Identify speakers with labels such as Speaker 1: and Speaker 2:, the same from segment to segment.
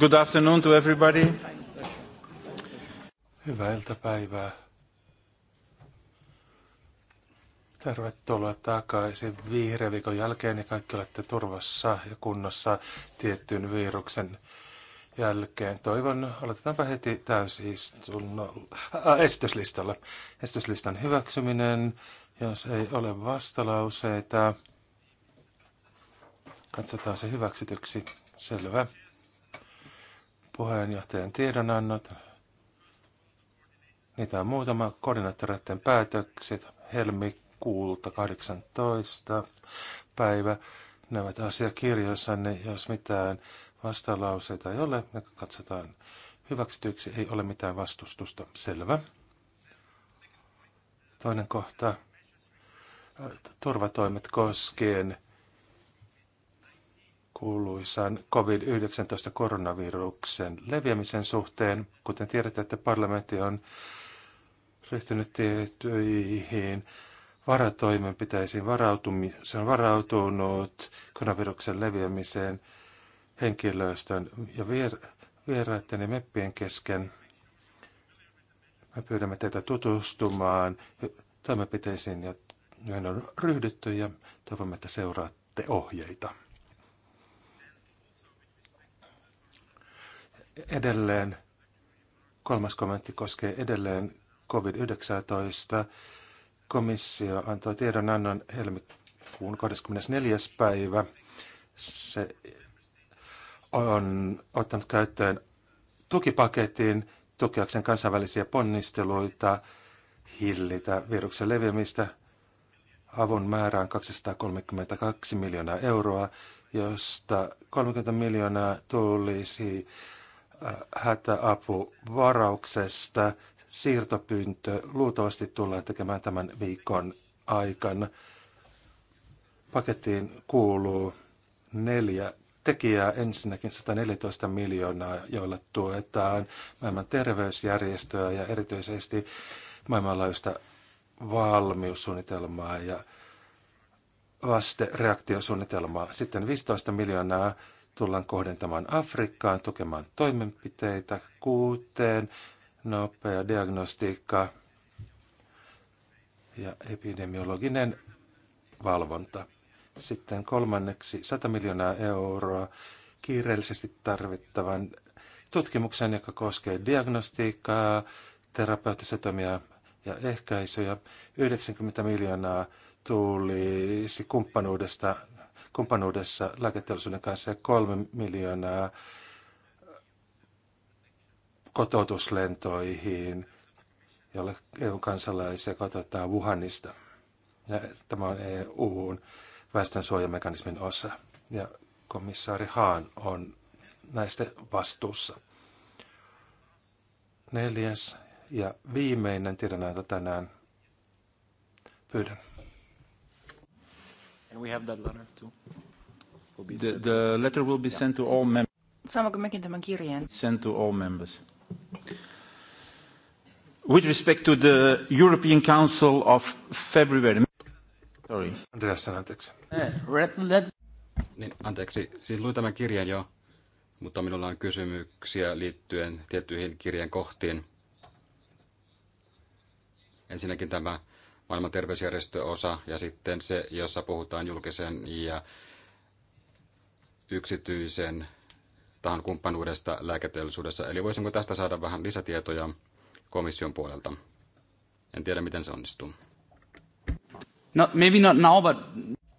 Speaker 1: Good afternoon to everybody. Hyvää iltapäivää. Tervetuloa
Speaker 2: takaisin vihreän viikon jälkeen ja niin kaikki olette turvassa ja kunnossa tiettyyn viruksen jälkeen. Toivon, aloitetaanpa heti täysistunnolla, äh, esityslistalla. Esityslistan hyväksyminen, jos ei ole vastalauseita. Katsotaan se hyväksytyksi. Selvä puheenjohtajan tiedonannot. Niitä on muutama. Koordinaattoreiden päätökset helmikuulta 18. päivä. Nämä asiakirjoissanne, jos mitään vastalauseita ei ole, ne katsotaan hyväksytyksi. Ei ole mitään vastustusta. Selvä. Toinen kohta. Turvatoimet koskien kuuluisan COVID-19 koronaviruksen leviämisen suhteen. Kuten tiedätte, että parlamentti on ryhtynyt tiettyihin varatoimenpiteisiin se on varautunut koronaviruksen leviämiseen henkilöstön ja vier- vieraiden ja meppien kesken. Me pyydämme teitä tutustumaan toimenpiteisiin, joihin on ryhdytty ja toivomme, että seuraatte ohjeita. Edelleen kolmas kommentti koskee edelleen COVID-19. Komissio antoi tiedonannon helmikuun 24. päivä. Se on ottanut käyttöön tukipaketin tukeakseen kansainvälisiä ponnisteluita hillitä viruksen leviämistä. Avun määrä on 232 miljoonaa euroa, josta 30 miljoonaa tulisi hätäapuvarauksesta. Siirtopyyntö luultavasti tullaan tekemään tämän viikon aikana. Pakettiin kuuluu neljä tekijää. Ensinnäkin 114 miljoonaa, joilla tuetaan maailman terveysjärjestöä ja erityisesti maailmanlaajuista valmiussuunnitelmaa ja vastereaktiosuunnitelmaa. Sitten 15 miljoonaa tullaan kohdentamaan Afrikkaan, tukemaan toimenpiteitä, kuuteen, nopea diagnostiikka ja epidemiologinen valvonta. Sitten kolmanneksi 100 miljoonaa euroa kiireellisesti tarvittavan tutkimuksen, joka koskee diagnostiikkaa, terapeuttisia toimia ja ehkäisyjä. 90 miljoonaa tulisi kumppanuudesta kumppanuudessa lääketeollisuuden kanssa ja kolme miljoonaa kotoutuslentoihin, jolle EU-kansalaisia kotoutetaan Wuhanista. Ja tämä on EUn väestönsuojamekanismin osa. Ja komissaari Haan on näistä vastuussa. Neljäs
Speaker 1: ja viimeinen tiedonanto tänään. Pyydän
Speaker 3: And we have that letter too. Will the,
Speaker 1: the letter will be sent to all members.
Speaker 4: Saammeko mekin tämän kirjeen?
Speaker 1: Sent to all members. With respect to the European Council of February. Sorry.
Speaker 3: Andreas, anteeksi.
Speaker 1: Eh, niin,
Speaker 3: anteeksi, siis luin tämän kirjan jo, mutta minulla on kysymyksiä liittyen tiettyihin kirjan kohtiin. Ensinnäkin tämä maailman terveysjärjestöosa ja sitten se, jossa puhutaan julkisen ja yksityisen tahan kumppanuudesta lääketeollisuudessa. Eli voisinko tästä saada vähän lisätietoja komission puolelta? En tiedä, miten se onnistuu.
Speaker 4: No, maybe not now,
Speaker 3: but...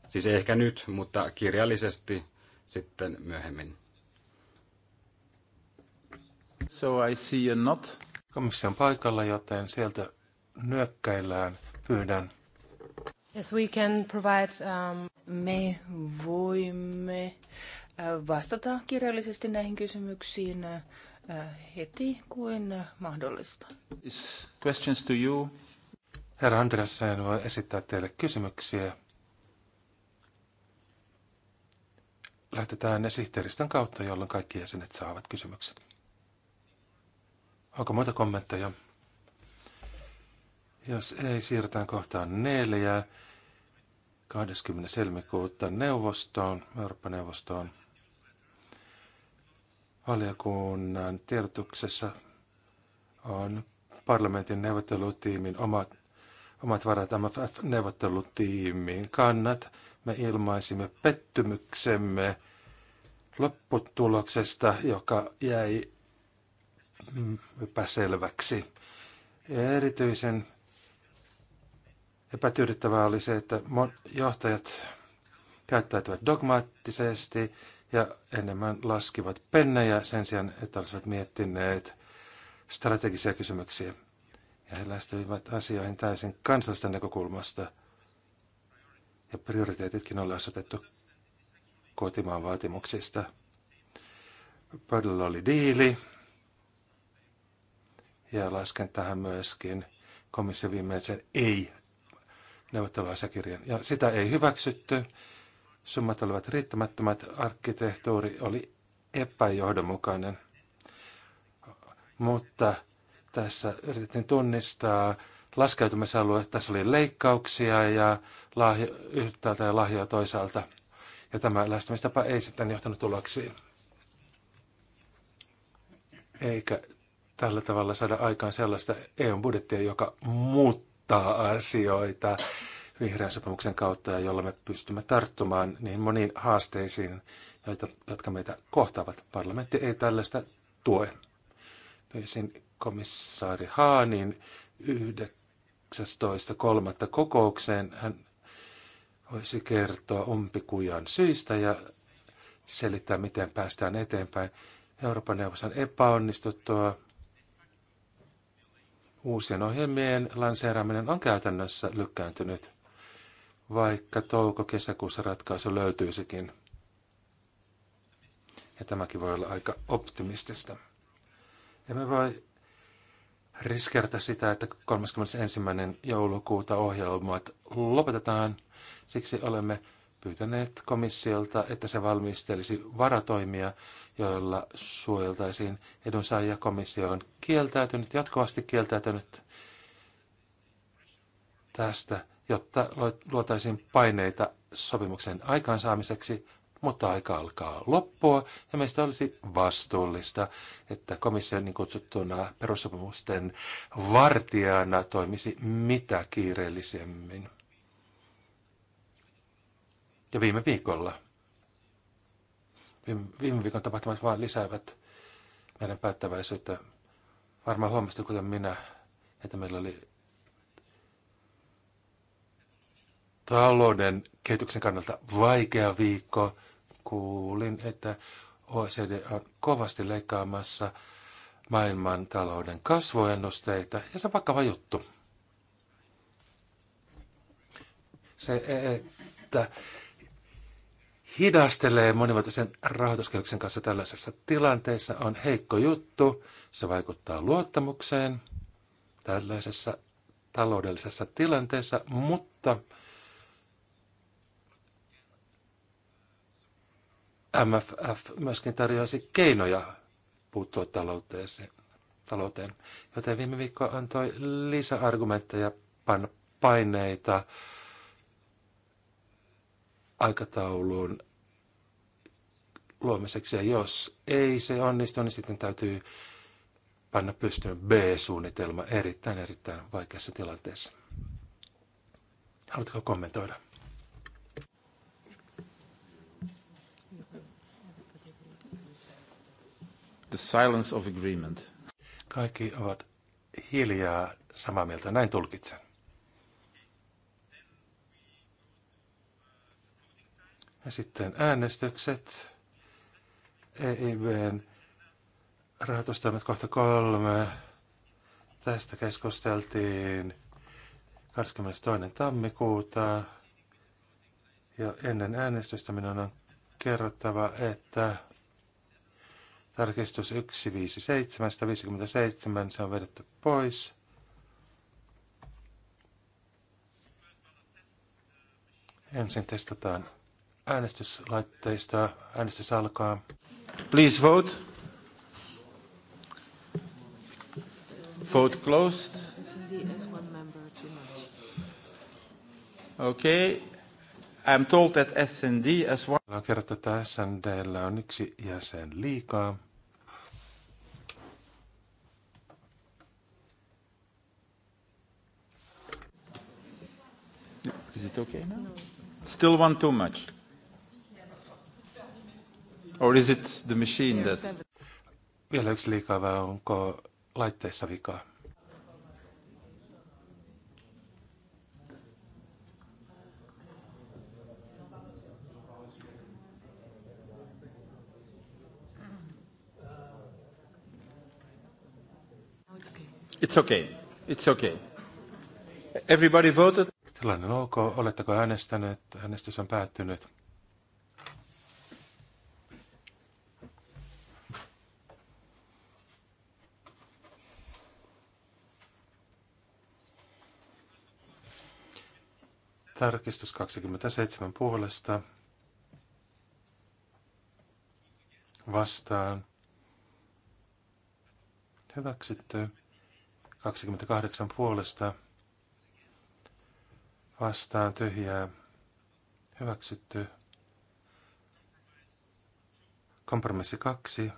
Speaker 3: Siis ehkä nyt, mutta kirjallisesti sitten myöhemmin. So I see a not. Komission paikalla,
Speaker 2: joten sieltä nyökkäillään – pyydän.
Speaker 4: Yes, we can provide, um... Me voimme äh, vastata kirjallisesti näihin kysymyksiin äh, heti kuin mahdollista.
Speaker 2: Questions to you. Herra Andreasen voi esittää teille kysymyksiä. Lähtetään sihteeristön kautta, jolloin kaikki jäsenet saavat kysymykset. Onko muita kommentteja? Jos ei, siirrytään kohtaan neljä, 20. helmikuuta neuvostoon, Eurooppa-neuvostoon. Valiokunnan tiedotuksessa on parlamentin neuvottelutiimin omat, omat varat MFF-neuvottelutiimin kannat. Me ilmaisimme pettymyksemme lopputuloksesta, joka jäi mm, epäselväksi. Ja erityisen Epätyydyttävää oli se, että johtajat käyttäytyvät dogmaattisesti ja enemmän laskivat pennejä sen sijaan, että olisivat miettineet strategisia kysymyksiä. Ja he lähestyivät asioihin täysin kansallisesta näkökulmasta. Ja prioriteetitkin oli asetettu kotimaan vaatimuksista. Pöydällä oli diili. Ja lasken tähän myöskin komission viimeisen ei neuvotteluasiakirjan. Ja sitä ei hyväksytty. Summat olivat riittämättömät. Arkkitehtuuri oli epäjohdonmukainen. Mutta tässä yritettiin tunnistaa laskeutumisalue. Tässä oli leikkauksia ja lahjo, yhtäältä ja lahjoja toisaalta. Ja tämä lähestymistapa ei sitten johtanut tuloksiin. Eikä tällä tavalla saada aikaan sellaista eu budjettia, joka muuttuu muuttaa asioita vihreän sopimuksen kautta ja jolla me pystymme tarttumaan niihin moniin haasteisiin, joita, jotka meitä kohtaavat. Parlamentti ei tällaista tue. Toisin komissaari Haanin 19.3. kokoukseen hän voisi kertoa umpikujan syistä ja selittää, miten päästään eteenpäin. Euroopan neuvoston epäonnistuttua Uusien ohjelmien lanseeraaminen on käytännössä lykkääntynyt, vaikka touko-kesäkuussa ratkaisu löytyisikin. Ja tämäkin voi olla aika optimistista. Emme voi riskertä sitä, että 31. joulukuuta ohjelmat lopetetaan. Siksi olemme pyytäneet komissiolta, että se valmistelisi varatoimia, joilla suojeltaisiin edunsaajia. Komissio on kieltäytynyt, jatkuvasti kieltäytynyt tästä, jotta luotaisiin paineita sopimuksen aikaansaamiseksi, mutta aika alkaa loppua ja meistä olisi vastuullista, että komissio niin kutsuttuna perussopimusten vartijana toimisi mitä kiireellisemmin ja viime viikolla. Viime, viime viikon tapahtumat vain lisäävät meidän päättäväisyyttä. Varmaan huomasit, kuten minä, että meillä oli talouden kehityksen kannalta vaikea viikko. Kuulin, että OECD on kovasti leikkaamassa maailman talouden kasvuennusteita, ja se on vakava juttu. Se, e, että hidastelee monivuotisen rahoituskehyksen kanssa tällaisessa tilanteessa on heikko juttu. Se vaikuttaa luottamukseen tällaisessa taloudellisessa tilanteessa, mutta MFF myöskin tarjoaisi keinoja puuttua talouteen, joten viime viikko antoi lisäargumentteja paineita aikataulun luomiseksi. Ja jos ei se onnistu, niin sitten täytyy panna pystyyn B-suunnitelma erittäin, erittäin vaikeassa tilanteessa. Haluatko kommentoida?
Speaker 1: The silence of agreement. Kaikki ovat hiljaa
Speaker 2: samaa mieltä, näin tulkitsen. Ja sitten äänestykset. EIBn rahoitustoimet kohta kolme. Tästä keskusteltiin 22. tammikuuta. Ja ennen äänestystä minun on kerrottava, että tarkistus 157, 157, se on vedetty pois. Ensin testataan äänestyslaitteista. Äänestys alkaa. Please
Speaker 1: vote. Vote closed. Okay. I'm told that SND as one... Well. kerrottu, että SNDllä on yksi jäsen liikaa. Is it okay now? Still one too much. Or is it the machine that... Vielä yksi liikaa vai onko laitteessa vikaa? It's okay. It's okay. Everybody voted?
Speaker 2: Tilanne on ok. Oletteko äänestäneet? Äänestys on päättynyt. Tarkistus 27 puolesta. Vastaan. Hyväksytty. 28 puolesta. Vastaan tyhjää. Hyväksytty. Kompromissi 2.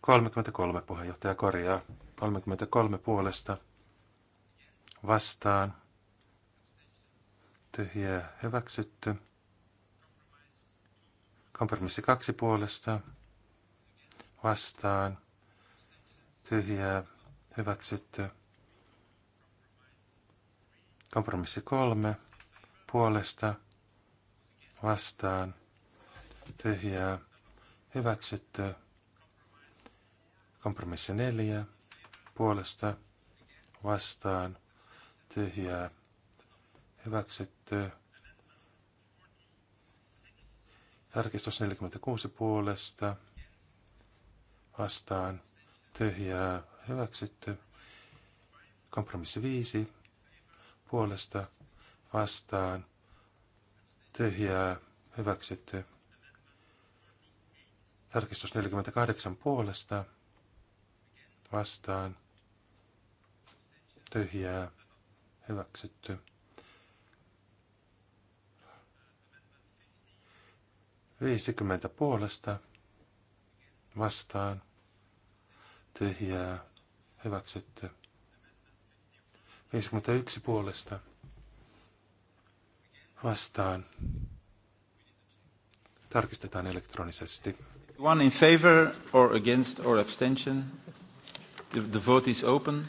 Speaker 2: 33 puheenjohtaja korjaa. 33 puolesta. Vastaan ja hyväksytty. Kompromissi kaksi puolesta vastaan tyhjää hyväksytty. Kompromissi kolme puolesta vastaan tyhjää hyväksytty. Kompromissi neljä puolesta vastaan tyhjää Hyväksytty. Tarkistus 46 puolesta. Vastaan. Tyhjää. Hyväksytty. Kompromissi 5 puolesta. Vastaan. Tyhjää. Hyväksytty. Tarkistus 48 puolesta. Vastaan. Tyhjää. Hyväksytty. 50 puolesta vastaan tyhjää hyväksytty. 51 puolesta
Speaker 1: vastaan. Tarkistetaan elektronisesti. One in favor or against or abstention. The, the vote is open.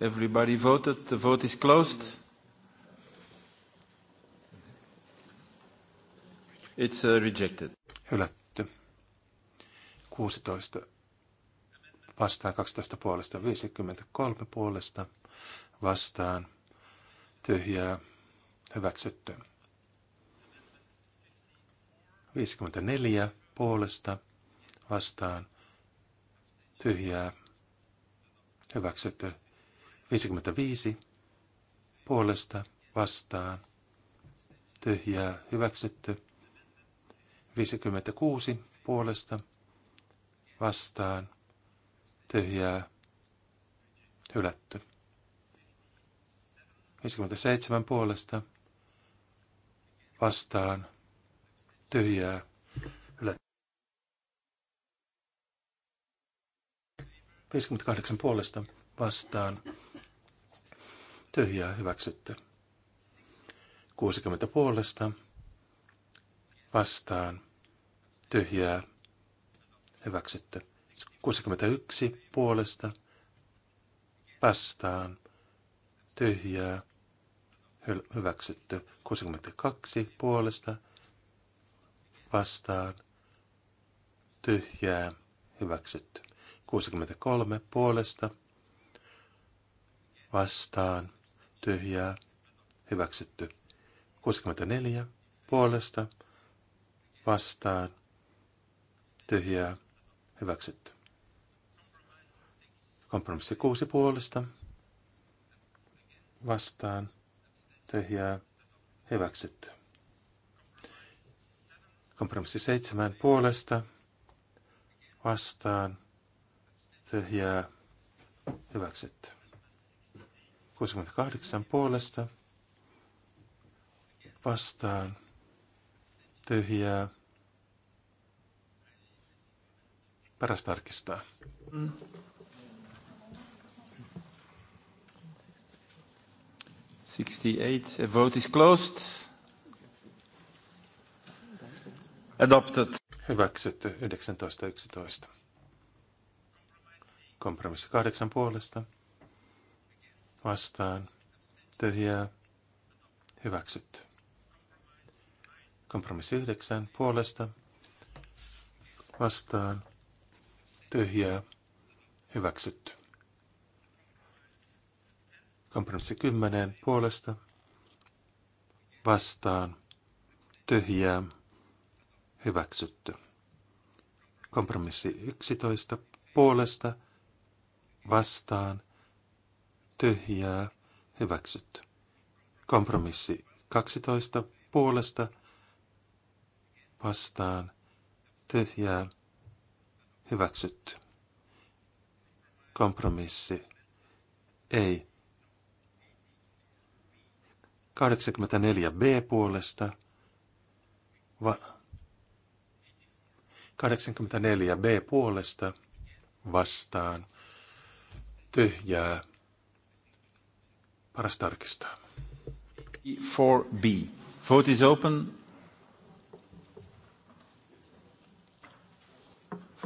Speaker 1: Everybody voted. The vote is closed. It's uh,
Speaker 2: rejected. Hylätty. 16 vastaan 12 puolesta, 53 puolesta vastaan, tyhjää, hyväksytty. 54 puolesta vastaan, tyhjää, hyväksytty. 55 puolesta vastaan, tyhjää, hyväksytty. 56 puolesta vastaan tyhjää hylätty. 57 puolesta vastaan tyhjää hylätty. 58 puolesta vastaan tyhjää hyväksytty. 60 puolesta vastaan, tyhjää, hyväksytty. 61 puolesta, vastaan, tyhjää, hyväksytty. 62 puolesta, vastaan, tyhjää, hyväksytty. 63 puolesta, vastaan, tyhjää, hyväksytty. 64 puolesta, vastaan tyhjää hyväksytty. Kompromissi kuusi puolesta vastaan tyhjää hyväksytty. Kompromissi seitsemän puolesta vastaan tyhjää hyväksytty. 68 puolesta vastaan Tyhjää. Paras tarkistaa.
Speaker 1: Mm. Sixty-eight. vote is closed. Adopted. Hyväksytty 19.11.
Speaker 2: Kompromissi kahdeksan puolesta. Vastaan. Tyhjää. Hyväksytty. Kompromissi 9 puolesta vastaan tyhjää hyväksytty. Kompromissi 10 puolesta vastaan tyhjää hyväksytty. Kompromissi 11 puolesta vastaan tyhjää hyväksytty. Kompromissi 12 puolesta vastaan tyhjää hyväksytty. Kompromissi ei. 84b puolesta va 84b puolesta vastaan
Speaker 1: tyhjää. Paras tarkistaa. 4b. Vote is open.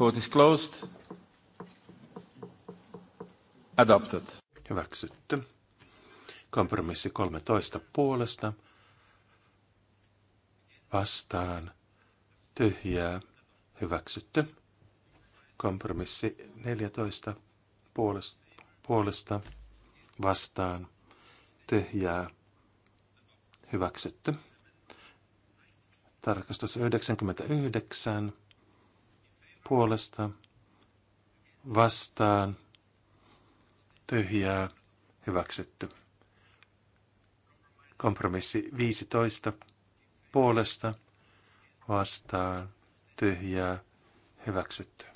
Speaker 1: Vote is closed. Adopted. Hyväksytty. Kompromissi 13
Speaker 2: puolesta. Vastaan. Tyhjää. Hyväksytty. Kompromissi 14 puolesta. Vastaan. Tyhjää. Hyväksytty. Tarkastus 99 puolesta vastaan tyhjää hyväksytty. Kompromissi 15 puolesta vastaan tyhjää hyväksytty.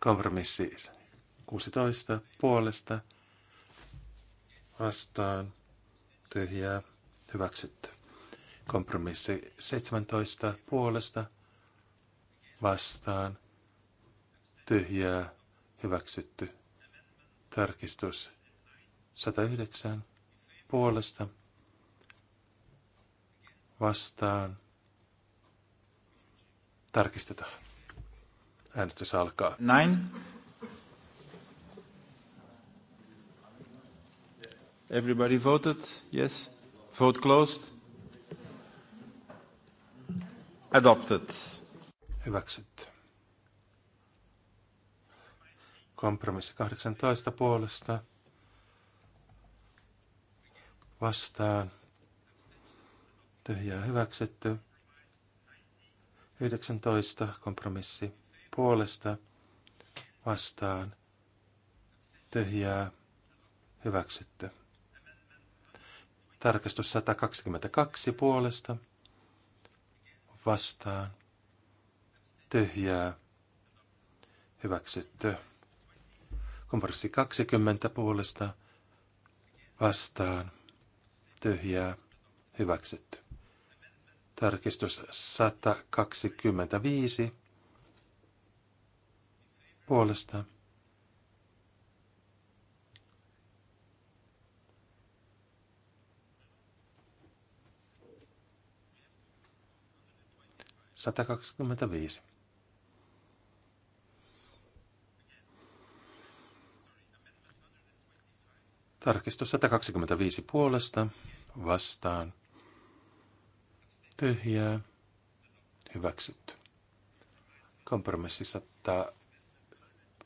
Speaker 2: Kompromissi 16 puolesta vastaan tyhjää hyväksytty. Kompromissi 17 puolesta vastaan tyhjää, hyväksytty. Tarkistus 109 puolesta vastaan.
Speaker 1: Tarkistetaan. Äänestys alkaa. Näin. Everybody voted? Yes. Vote closed. Adopted. Hyväksytty. Kompromissi
Speaker 2: 18 puolesta vastaan. Tyhjää hyväksytty. 19 kompromissi puolesta vastaan. Tyhjää hyväksytty. Tarkastus 122 puolesta vastaan. Tyhjää hyväksytty. Kompromissi 20 puolesta vastaan. Tyhjää. Hyväksytty. Tarkistus 125 puolesta. viisi. Tarkistus 125 puolesta vastaan. Tyhjää. Hyväksytty. Kompromissi 100.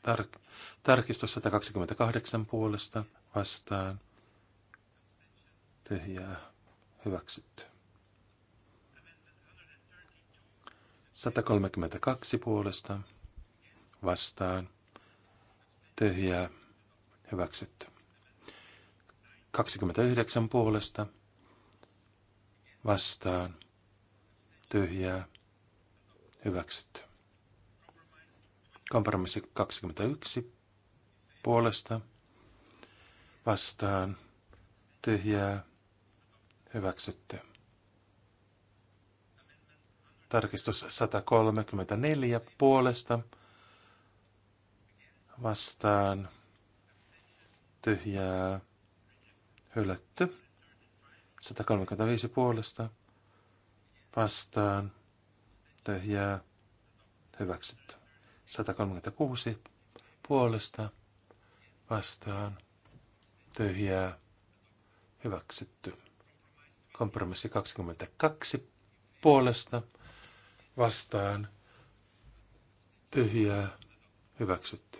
Speaker 2: Tar- tarkistus 128 puolesta vastaan. Tyhjää. Hyväksytty. 132 puolesta vastaan. Tyhjää. Hyväksytty. 29 puolesta vastaan tyhjää hyväksytty. Kompromissi 21 puolesta vastaan tyhjää hyväksytty. Tarkistus 134 puolesta vastaan tyhjää Hylätty. 135 puolesta. Vastaan. Tyhjää. Hyväksytty. 136 puolesta. Vastaan. Tyhjää. Hyväksytty. Kompromissi 22 puolesta. Vastaan. Tyhjää. Hyväksytty.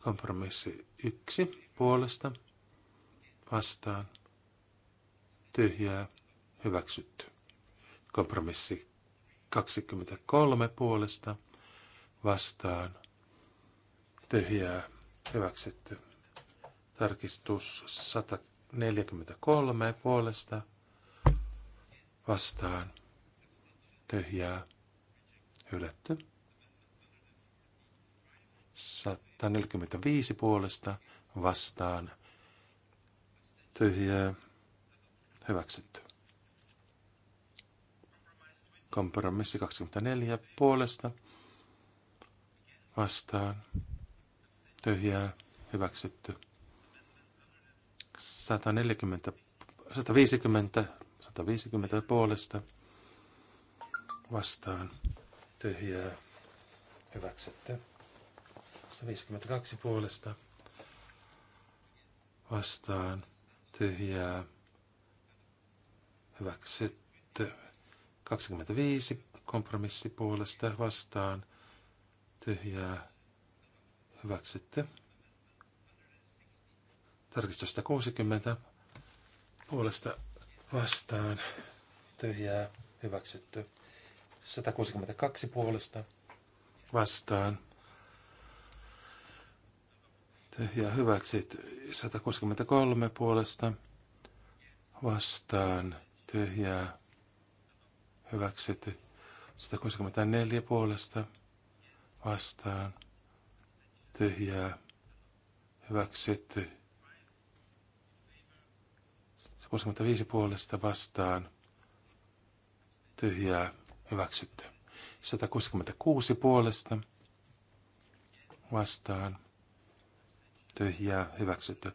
Speaker 2: Kompromissi 1 puolesta vastaan, tyhjää, hyväksytty. Kompromissi 23 puolesta vastaan, tyhjää, hyväksytty. Tarkistus 143 puolesta vastaan, tyhjää, hylätty. 145 puolesta vastaan Tyhjää. Hyväksytty. Kompromissi 24 puolesta. Vastaan. Tyhjää. Hyväksytty. 140, 150, 150 puolesta. Vastaan. Tyhjää. Hyväksytty. 152 puolesta. Vastaan tyhjää hyväksytty. 25 kompromissi puolesta vastaan tyhjää hyväksytty. Tarkistusta 60 puolesta vastaan tyhjää hyväksytty. 162 puolesta vastaan ja hyväksyt 163 puolesta vastaan tyhjää hyväksytty 164 puolesta vastaan tyhjää hyväksytty 165 puolesta vastaan tyhjää hyväksytty 166 puolesta vastaan tyhjää hyväksytty.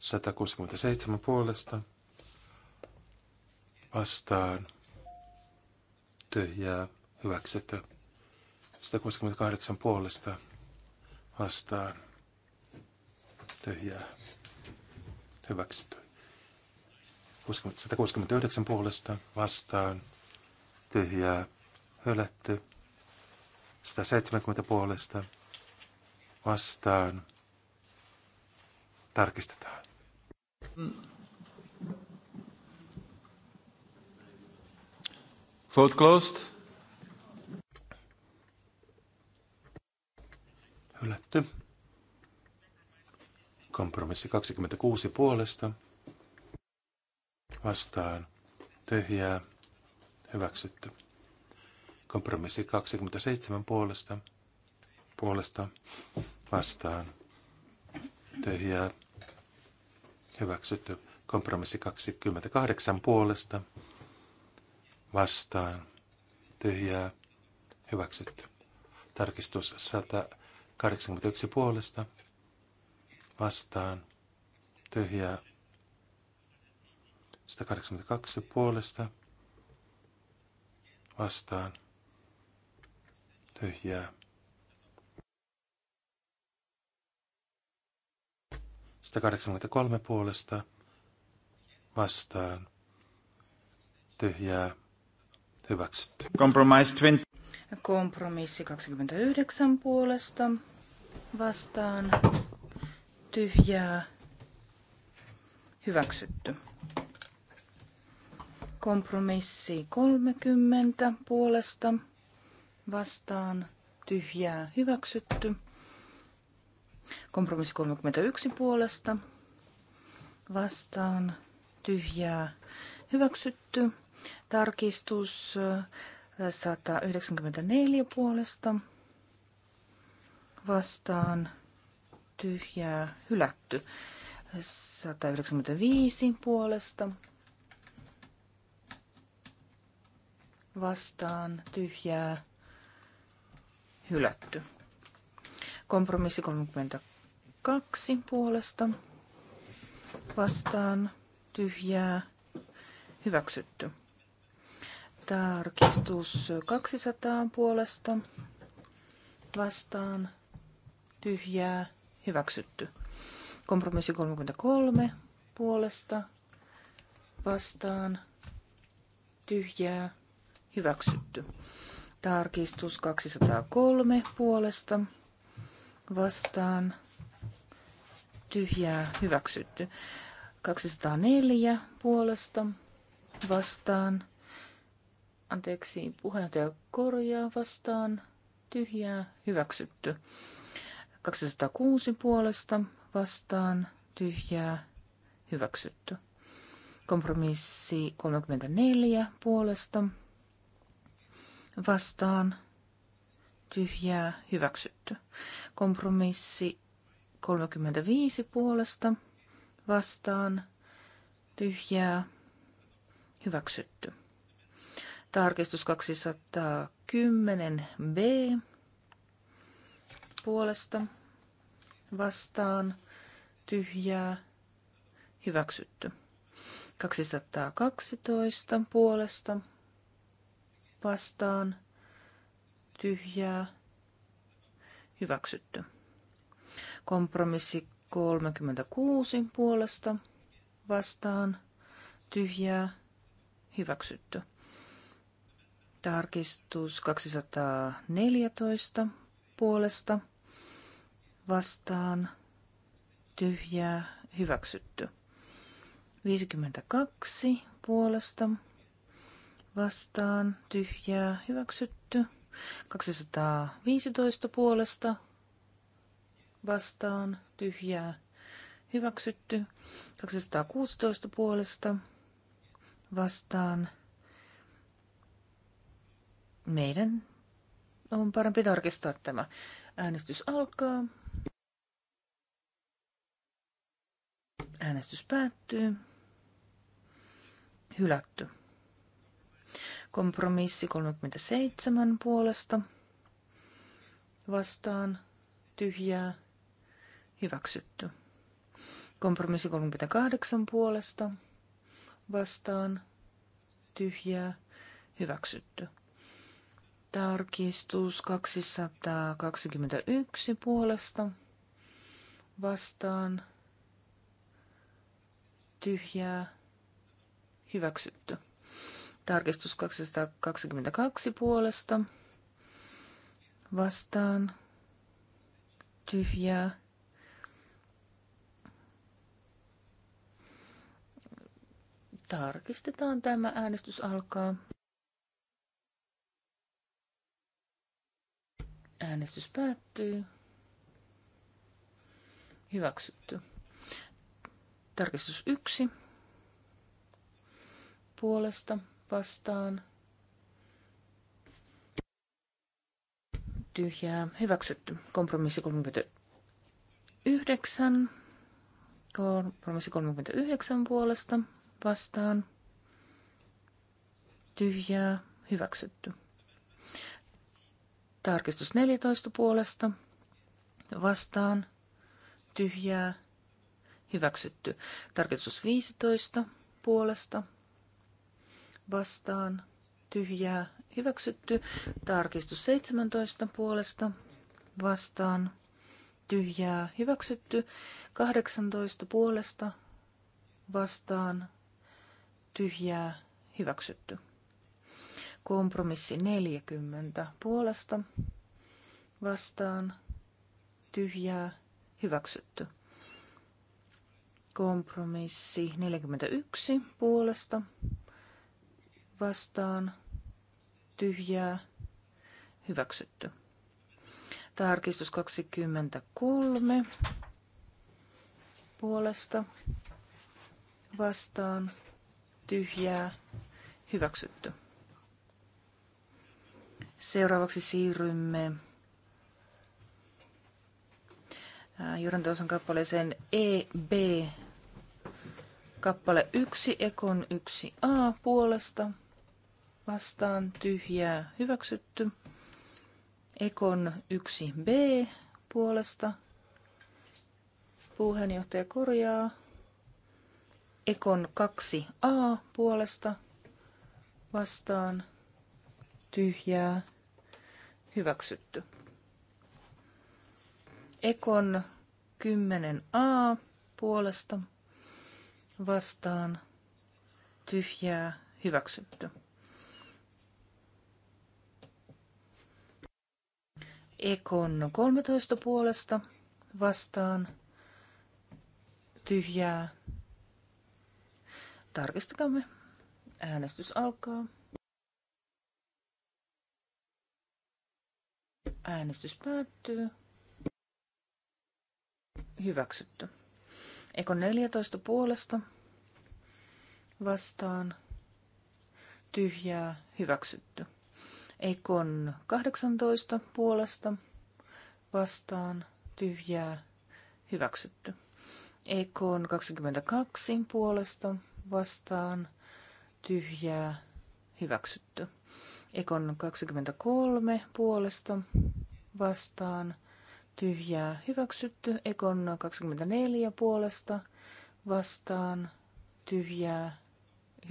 Speaker 2: 167 puolesta vastaan tyhjää hyväksytty. 168 puolesta vastaan tyhjää hyväksytty. 169 puolesta vastaan tyhjää hylätty. 170 puolesta vastaan
Speaker 1: tarkistetaan. Vote closed. Hylätty.
Speaker 2: Kompromissi 26 puolesta. Vastaan. Tyhjää. Hyväksytty. Kompromissi 27 puolesta. Puolesta. Vastaan. Tyhjää. Hyväksytty. Kompromissi 28 puolesta. Vastaan. Tyhjää. Hyväksytty. Tarkistus 181 puolesta. Vastaan. Tyhjää. 182 puolesta. Vastaan. Tyhjää 183 puolesta
Speaker 1: vastaan. Tyhjää. Hyväksytty. Compromise 20.
Speaker 4: Kompromissi 29 puolesta vastaan. Tyhjää. Hyväksytty. Kompromissi 30 puolesta vastaan. Tyhjää. Hyväksytty. Kompromissi 31 puolesta vastaan tyhjää hyväksytty. Tarkistus 194 äh, puolesta vastaan tyhjää hylätty. 195 puolesta vastaan tyhjää hylätty. Kompromissi 32 puolesta vastaan tyhjää hyväksytty. Tarkistus 200 puolesta vastaan tyhjää hyväksytty. Kompromissi 33 puolesta vastaan tyhjää hyväksytty. Tarkistus 203 puolesta vastaan tyhjää hyväksytty. 204 puolesta vastaan, anteeksi, puheenjohtaja korjaa vastaan, tyhjää hyväksytty. 206 puolesta vastaan, tyhjää hyväksytty. Kompromissi 34 puolesta vastaan, tyhjää hyväksytty. Kompromissi 35 puolesta vastaan tyhjää hyväksytty. Tarkistus 210 B puolesta vastaan tyhjää hyväksytty. 212 puolesta vastaan tyhjää, hyväksytty. Kompromissi 36 puolesta vastaan, tyhjää, hyväksytty. Tarkistus 214 puolesta vastaan, tyhjää, hyväksytty. 52 puolesta vastaan, tyhjää, hyväksytty. 215 puolesta vastaan tyhjää hyväksytty. 216 puolesta vastaan meidän on parempi tarkistaa tämä. Äänestys alkaa. Äänestys päättyy. Hylätty. Kompromissi 37 puolesta vastaan tyhjää hyväksytty. Kompromissi 38 puolesta vastaan tyhjää hyväksytty. Tarkistus 221 puolesta vastaan tyhjää hyväksytty. Tarkistus 222 puolesta. Vastaan. Tyhjää. Tarkistetaan tämä äänestys alkaa. Äänestys päättyy. Hyväksytty. Tarkistus 1. Puolesta vastaan. Tyhjää hyväksytty. Kompromissi 39. Kompromissi 39 puolesta vastaan. Tyhjää hyväksytty. Tarkistus 14 puolesta vastaan. Tyhjää hyväksytty. Tarkistus 15 puolesta vastaan tyhjää hyväksytty. Tarkistus 17 puolesta vastaan tyhjää hyväksytty. 18 puolesta vastaan tyhjää hyväksytty. Kompromissi 40 puolesta vastaan tyhjää hyväksytty. Kompromissi 41 puolesta vastaan tyhjää hyväksytty. Tarkistus 23 puolesta vastaan tyhjää hyväksytty. Seuraavaksi siirrymme Jyräntöosan kappaleeseen EB. Kappale 1, Ekon 1A puolesta vastaan tyhjää hyväksytty. Ekon 1b puolesta puheenjohtaja korjaa. Ekon 2a puolesta vastaan tyhjää hyväksytty. Ekon 10a puolesta vastaan tyhjää hyväksytty. Ekon 13 puolesta vastaan tyhjää. Tarkistakamme. Äänestys alkaa. Äänestys päättyy. Hyväksytty. Ekon 14 puolesta vastaan tyhjää hyväksytty. Ekon 18 puolesta vastaan tyhjää hyväksytty. Ekon 22 puolesta vastaan tyhjää hyväksytty. Ekon 23 puolesta vastaan tyhjää hyväksytty. Ekon 24 puolesta vastaan tyhjää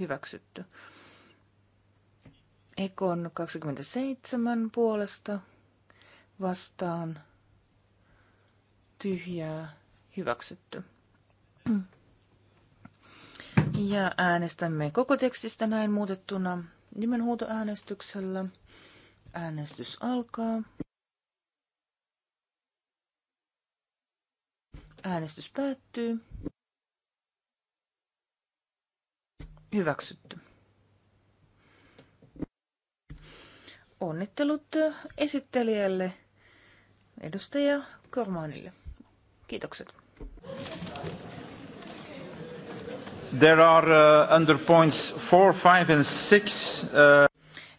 Speaker 4: hyväksytty. Ekon 27 puolesta vastaan tyhjää hyväksytty. Ja äänestämme koko tekstistä näin muutettuna nimenhuutoäänestyksellä. Äänestys alkaa. Äänestys päättyy. Hyväksytty. onnittelut esittelijälle, edustaja Kormanille. Kiitokset.
Speaker 1: There are uh, under points four, five and six. Uh...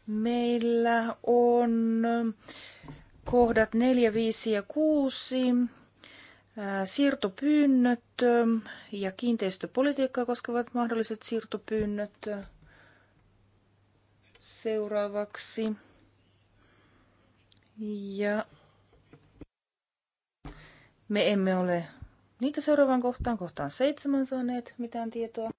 Speaker 4: Meillä on kohdat 4, 5 ja 6 uh, siirtopyynnöt um, ja kiinteistöpolitiikkaa koskevat mahdolliset siirtopyynnöt seuraavaksi. Ja me emme ole niitä seuraavaan kohtaan, kohtaan seitsemän saaneet mitään tietoa.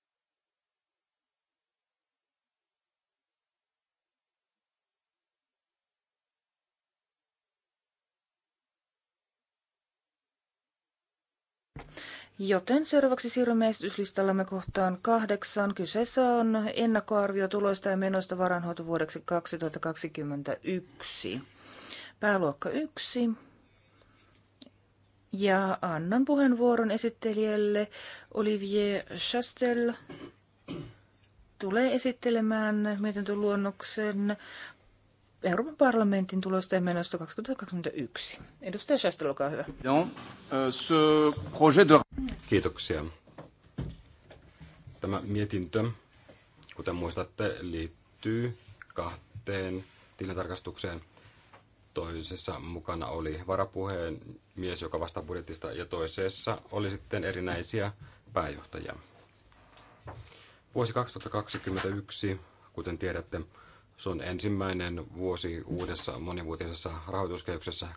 Speaker 4: Joten seuraavaksi siirrymme esityslistallamme kohtaan kahdeksan. Kyseessä on ennakkoarvio tuloista ja menoista varanhoitovuodeksi 2021 pääluokka 1. Ja annan puheenvuoron esittelijälle Olivier Chastel. Tulee esittelemään mietintöluonnoksen Euroopan parlamentin tulosta ja menosta 2021. Edustaja Chastel, olkaa hyvä. Euh,
Speaker 3: Kiitoksia. Tämä mietintö, kuten muistatte, liittyy kahteen tilintarkastukseen – toisessa mukana oli mies, joka vastaa budjetista, ja toisessa oli sitten erinäisiä pääjohtajia. Vuosi 2021, kuten tiedätte, se on ensimmäinen vuosi uudessa monivuotisessa rahoituskehyksessä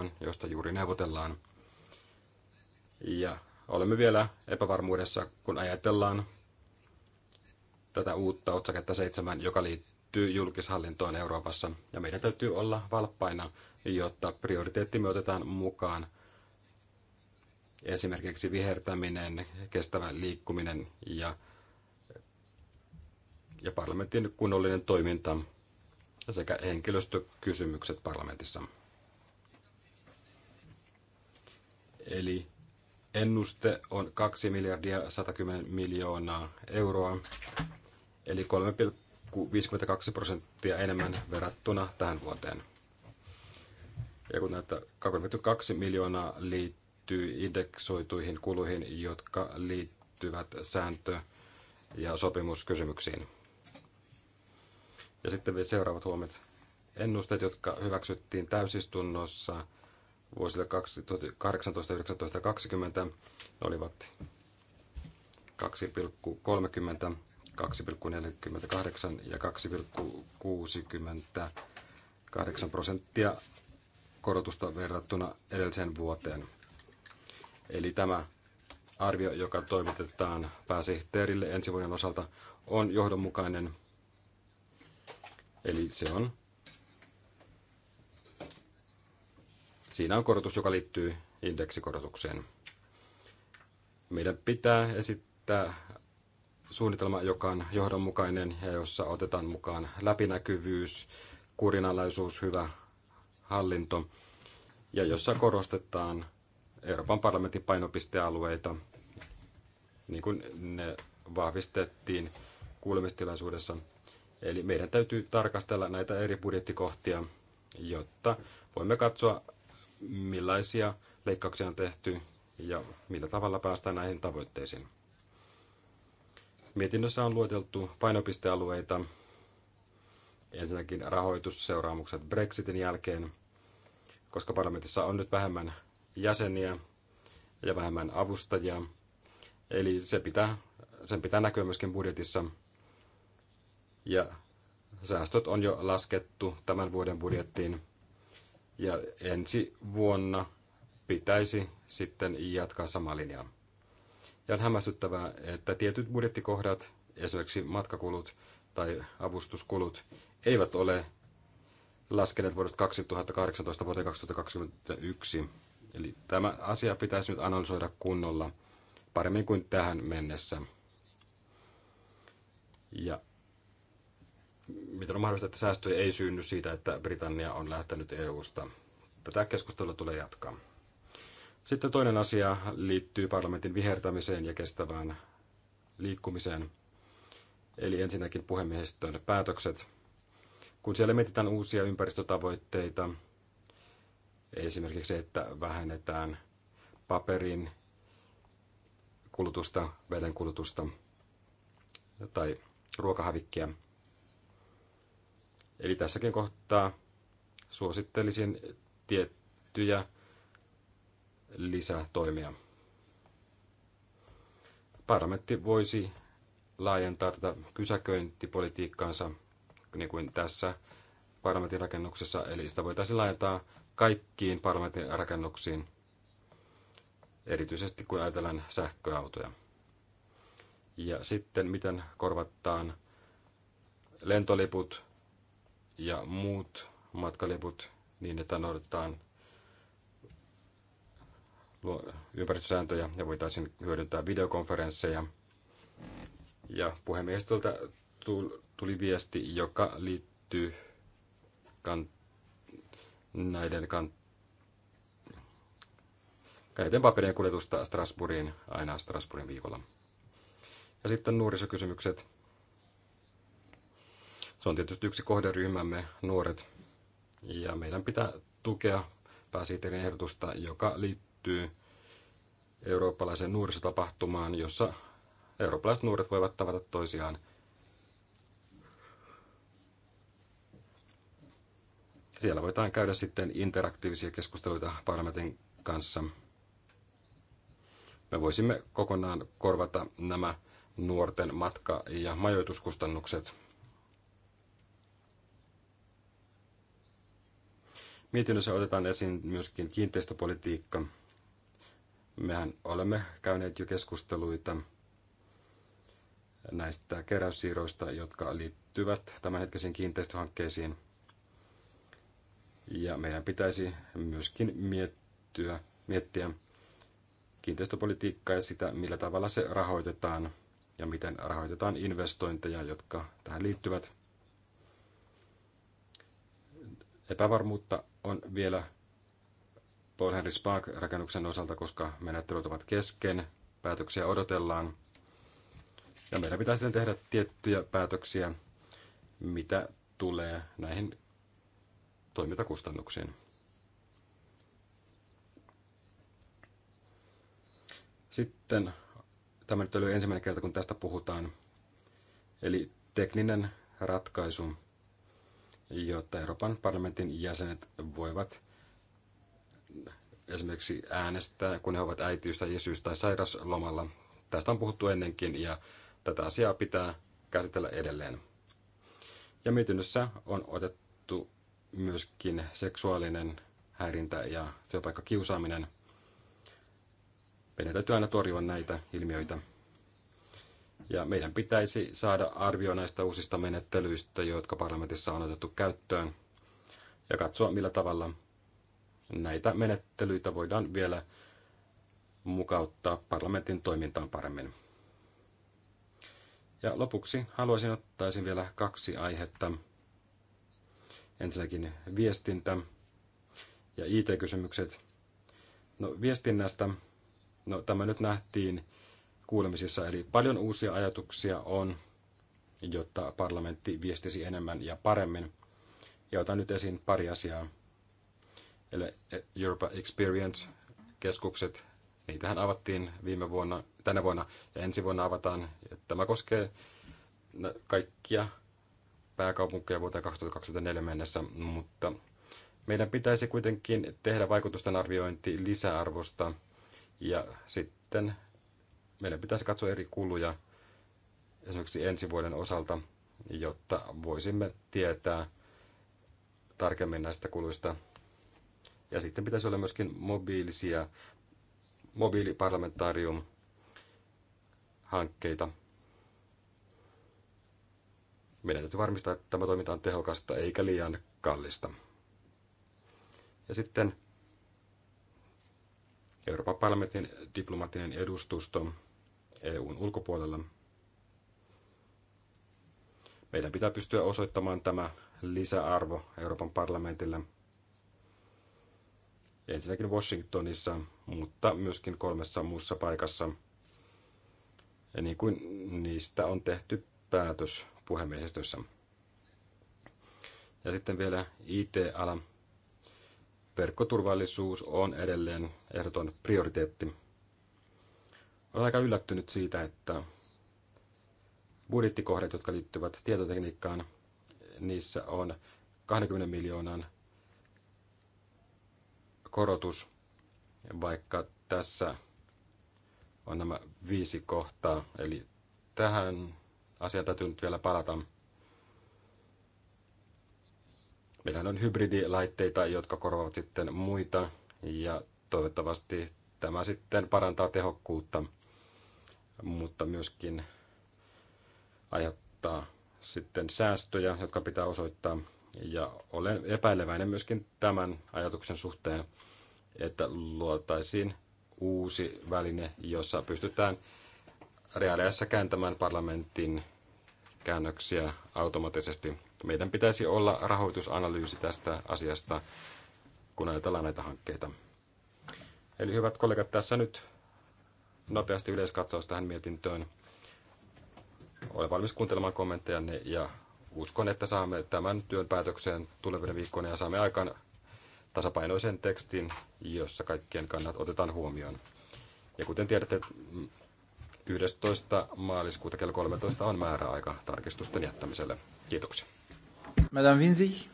Speaker 3: 2021-2027, josta juuri neuvotellaan. Ja olemme vielä epävarmuudessa, kun ajatellaan tätä uutta otsaketta 7, joka liittyy liittyy julkishallintoon Euroopassa ja meidän täytyy olla valppaina, jotta me otetaan mukaan esimerkiksi vihertäminen, kestävä liikkuminen ja, ja parlamentin kunnollinen toiminta sekä henkilöstökysymykset parlamentissa. Eli ennuste on 2 miljardia 110 miljoonaa euroa, eli 52 niinku prosenttia enemmän verrattuna tähän vuoteen. Ja kun näitä 22 miljoonaa liittyy indeksoituihin kuluihin, jotka liittyvät sääntö- ja sopimuskysymyksiin. Ja sitten vielä seuraavat huomiot. Ennusteet, jotka hyväksyttiin täysistunnossa vuosille 2018, 19 ja 20, olivat 2,30 2,48 ja 2,68 prosenttia korotusta verrattuna edelliseen vuoteen. Eli tämä arvio, joka toimitetaan pääsihteerille ensi vuoden osalta, on johdonmukainen. Eli se on. Siinä on korotus, joka liittyy indeksikorotukseen. Meidän pitää esittää suunnitelma, joka on johdonmukainen ja jossa otetaan mukaan läpinäkyvyys, kurinalaisuus, hyvä hallinto ja jossa korostetaan Euroopan parlamentin painopistealueita, niin kuin ne vahvistettiin kuulemistilaisuudessa. Eli meidän täytyy tarkastella näitä eri budjettikohtia, jotta voimme katsoa, millaisia leikkauksia on tehty ja millä tavalla päästään näihin tavoitteisiin. Mietinnössä on lueteltu painopistealueita, ensinnäkin rahoitusseuraamukset Brexitin jälkeen, koska parlamentissa on nyt vähemmän jäseniä ja vähemmän avustajia, eli se pitää, sen pitää näkyä myöskin budjetissa. Ja säästöt on jo laskettu tämän vuoden budjettiin, ja ensi vuonna pitäisi sitten jatkaa samaa linjaa. Ja on hämmästyttävää, että tietyt budjettikohdat, esimerkiksi matkakulut tai avustuskulut, eivät ole laskeneet vuodesta 2018 vuoteen 2021. Eli tämä asia pitäisi nyt analysoida kunnolla paremmin kuin tähän mennessä. Ja miten on mahdollista, että säästöjä ei synny siitä, että Britannia on lähtenyt EU-sta. Tätä keskustelua tulee jatkaa. Sitten toinen asia liittyy parlamentin vihertämiseen ja kestävään liikkumiseen. Eli ensinnäkin puhemiehistön päätökset. Kun siellä mietitään uusia ympäristötavoitteita, esimerkiksi että vähennetään paperin kulutusta, veden kulutusta tai ruokahävikkiä. Eli tässäkin kohtaa suosittelisin tiettyjä lisätoimia. Parlamentti voisi laajentaa tätä pysäköintipolitiikkaansa, niin kuin tässä parlamentin rakennuksessa, eli sitä voitaisiin laajentaa kaikkiin parlamentin rakennuksiin, erityisesti kun ajatellaan sähköautoja. Ja sitten miten korvataan lentoliput ja muut matkaliput niin, että noudatetaan ympäristösääntöjä ja voitaisiin hyödyntää videokonferensseja. Ja puhemiehistöltä tuli viesti, joka liittyy kan, näiden, kan, Käytän paperien kuljetusta Strasbourgiin aina Strasbourgin viikolla. Ja sitten nuorisokysymykset. Se on tietysti yksi kohderyhmämme, nuoret. Ja meidän pitää tukea pääsihteerin ehdotusta, joka liittyy liittyy eurooppalaiseen nuorisotapahtumaan, jossa eurooppalaiset nuoret voivat tavata toisiaan. Siellä voidaan käydä sitten interaktiivisia keskusteluita parlamentin kanssa. Me voisimme kokonaan korvata nämä nuorten matka- ja majoituskustannukset. Mietinnössä otetaan esiin myöskin kiinteistöpolitiikka – Mehän olemme käyneet jo keskusteluita näistä keräyssiirroista, jotka liittyvät tämänhetkisiin kiinteistöhankkeisiin. Ja meidän pitäisi myöskin miettiä, miettiä kiinteistöpolitiikkaa ja sitä, millä tavalla se rahoitetaan ja miten rahoitetaan investointeja, jotka tähän liittyvät. Epävarmuutta on vielä Paul Henry Spark-rakennuksen osalta, koska menettelyt ovat kesken, päätöksiä odotellaan. Ja meidän pitää sitten tehdä tiettyjä päätöksiä, mitä tulee näihin toimintakustannuksiin. Sitten tämä nyt oli ensimmäinen kerta, kun tästä puhutaan. Eli tekninen ratkaisu, jotta Euroopan parlamentin jäsenet voivat esimerkiksi äänestää, kun he ovat äitiys- tai isyys- tai sairaslomalla. Tästä on puhuttu ennenkin ja tätä asiaa pitää käsitellä edelleen. Ja mietinnössä on otettu myöskin seksuaalinen häirintä ja työpaikkakiusaaminen. Meidän täytyy aina torjua näitä ilmiöitä. Ja meidän pitäisi saada arvio näistä uusista menettelyistä, jotka parlamentissa on otettu käyttöön, ja katsoa millä tavalla näitä menettelyitä voidaan vielä mukauttaa parlamentin toimintaan paremmin. Ja lopuksi haluaisin ottaa vielä kaksi aihetta. Ensinnäkin viestintä ja IT-kysymykset. No viestinnästä, no tämä nyt nähtiin kuulemisissa, eli paljon uusia ajatuksia on, jotta parlamentti viestisi enemmän ja paremmin. Ja otan nyt esiin pari asiaa eli eh, Europa Experience-keskukset, niitähän avattiin viime vuonna, tänä vuonna ja ensi vuonna avataan. Tämä koskee kaikkia pääkaupunkeja vuoteen 2024 mennessä, mutta meidän pitäisi kuitenkin tehdä vaikutusten arviointi lisäarvosta ja sitten meidän pitäisi katsoa eri kuluja esimerkiksi ensi vuoden osalta, jotta voisimme tietää tarkemmin näistä kuluista ja sitten pitäisi olla myöskin mobiilisia, mobiiliparlamentaarium-hankkeita. Meidän täytyy varmistaa, että tämä toiminta on tehokasta eikä liian kallista. Ja sitten Euroopan parlamentin diplomaattinen edustusto EUn ulkopuolella. Meidän pitää pystyä osoittamaan tämä lisäarvo Euroopan parlamentille – ensinnäkin Washingtonissa, mutta myöskin kolmessa muussa paikassa, ja niin kuin niistä on tehty päätös puhemiehistössä. Ja sitten vielä IT-ala. Verkkoturvallisuus on edelleen ehdoton prioriteetti. Olen aika yllättynyt siitä, että budjettikohdat, jotka liittyvät tietotekniikkaan, niissä on 20 miljoonan korotus, vaikka tässä on nämä viisi kohtaa. Eli tähän asiaan täytyy nyt vielä palata. Meillähän on hybridilaitteita, jotka korvaavat sitten muita ja toivottavasti tämä sitten parantaa tehokkuutta, mutta myöskin aiheuttaa sitten säästöjä, jotka pitää osoittaa. Ja olen epäileväinen myöskin tämän ajatuksen suhteen, että luotaisiin uusi väline, jossa pystytään reaaliassa kääntämään parlamentin käännöksiä automaattisesti. Meidän pitäisi olla rahoitusanalyysi tästä asiasta, kun ajatellaan näitä hankkeita. Eli hyvät kollegat, tässä nyt nopeasti yleiskatsaus tähän mietintöön. Olen valmis kuuntelemaan kommenttejanne ja uskon, että saamme tämän työn päätökseen tulevina viikkoina ja saamme aikaan tasapainoisen tekstin, jossa kaikkien kannat otetaan huomioon. Ja kuten tiedätte, 11. maaliskuuta kello 13 on määräaika tarkistusten jättämiselle. Kiitoksia. Madame Vinzi.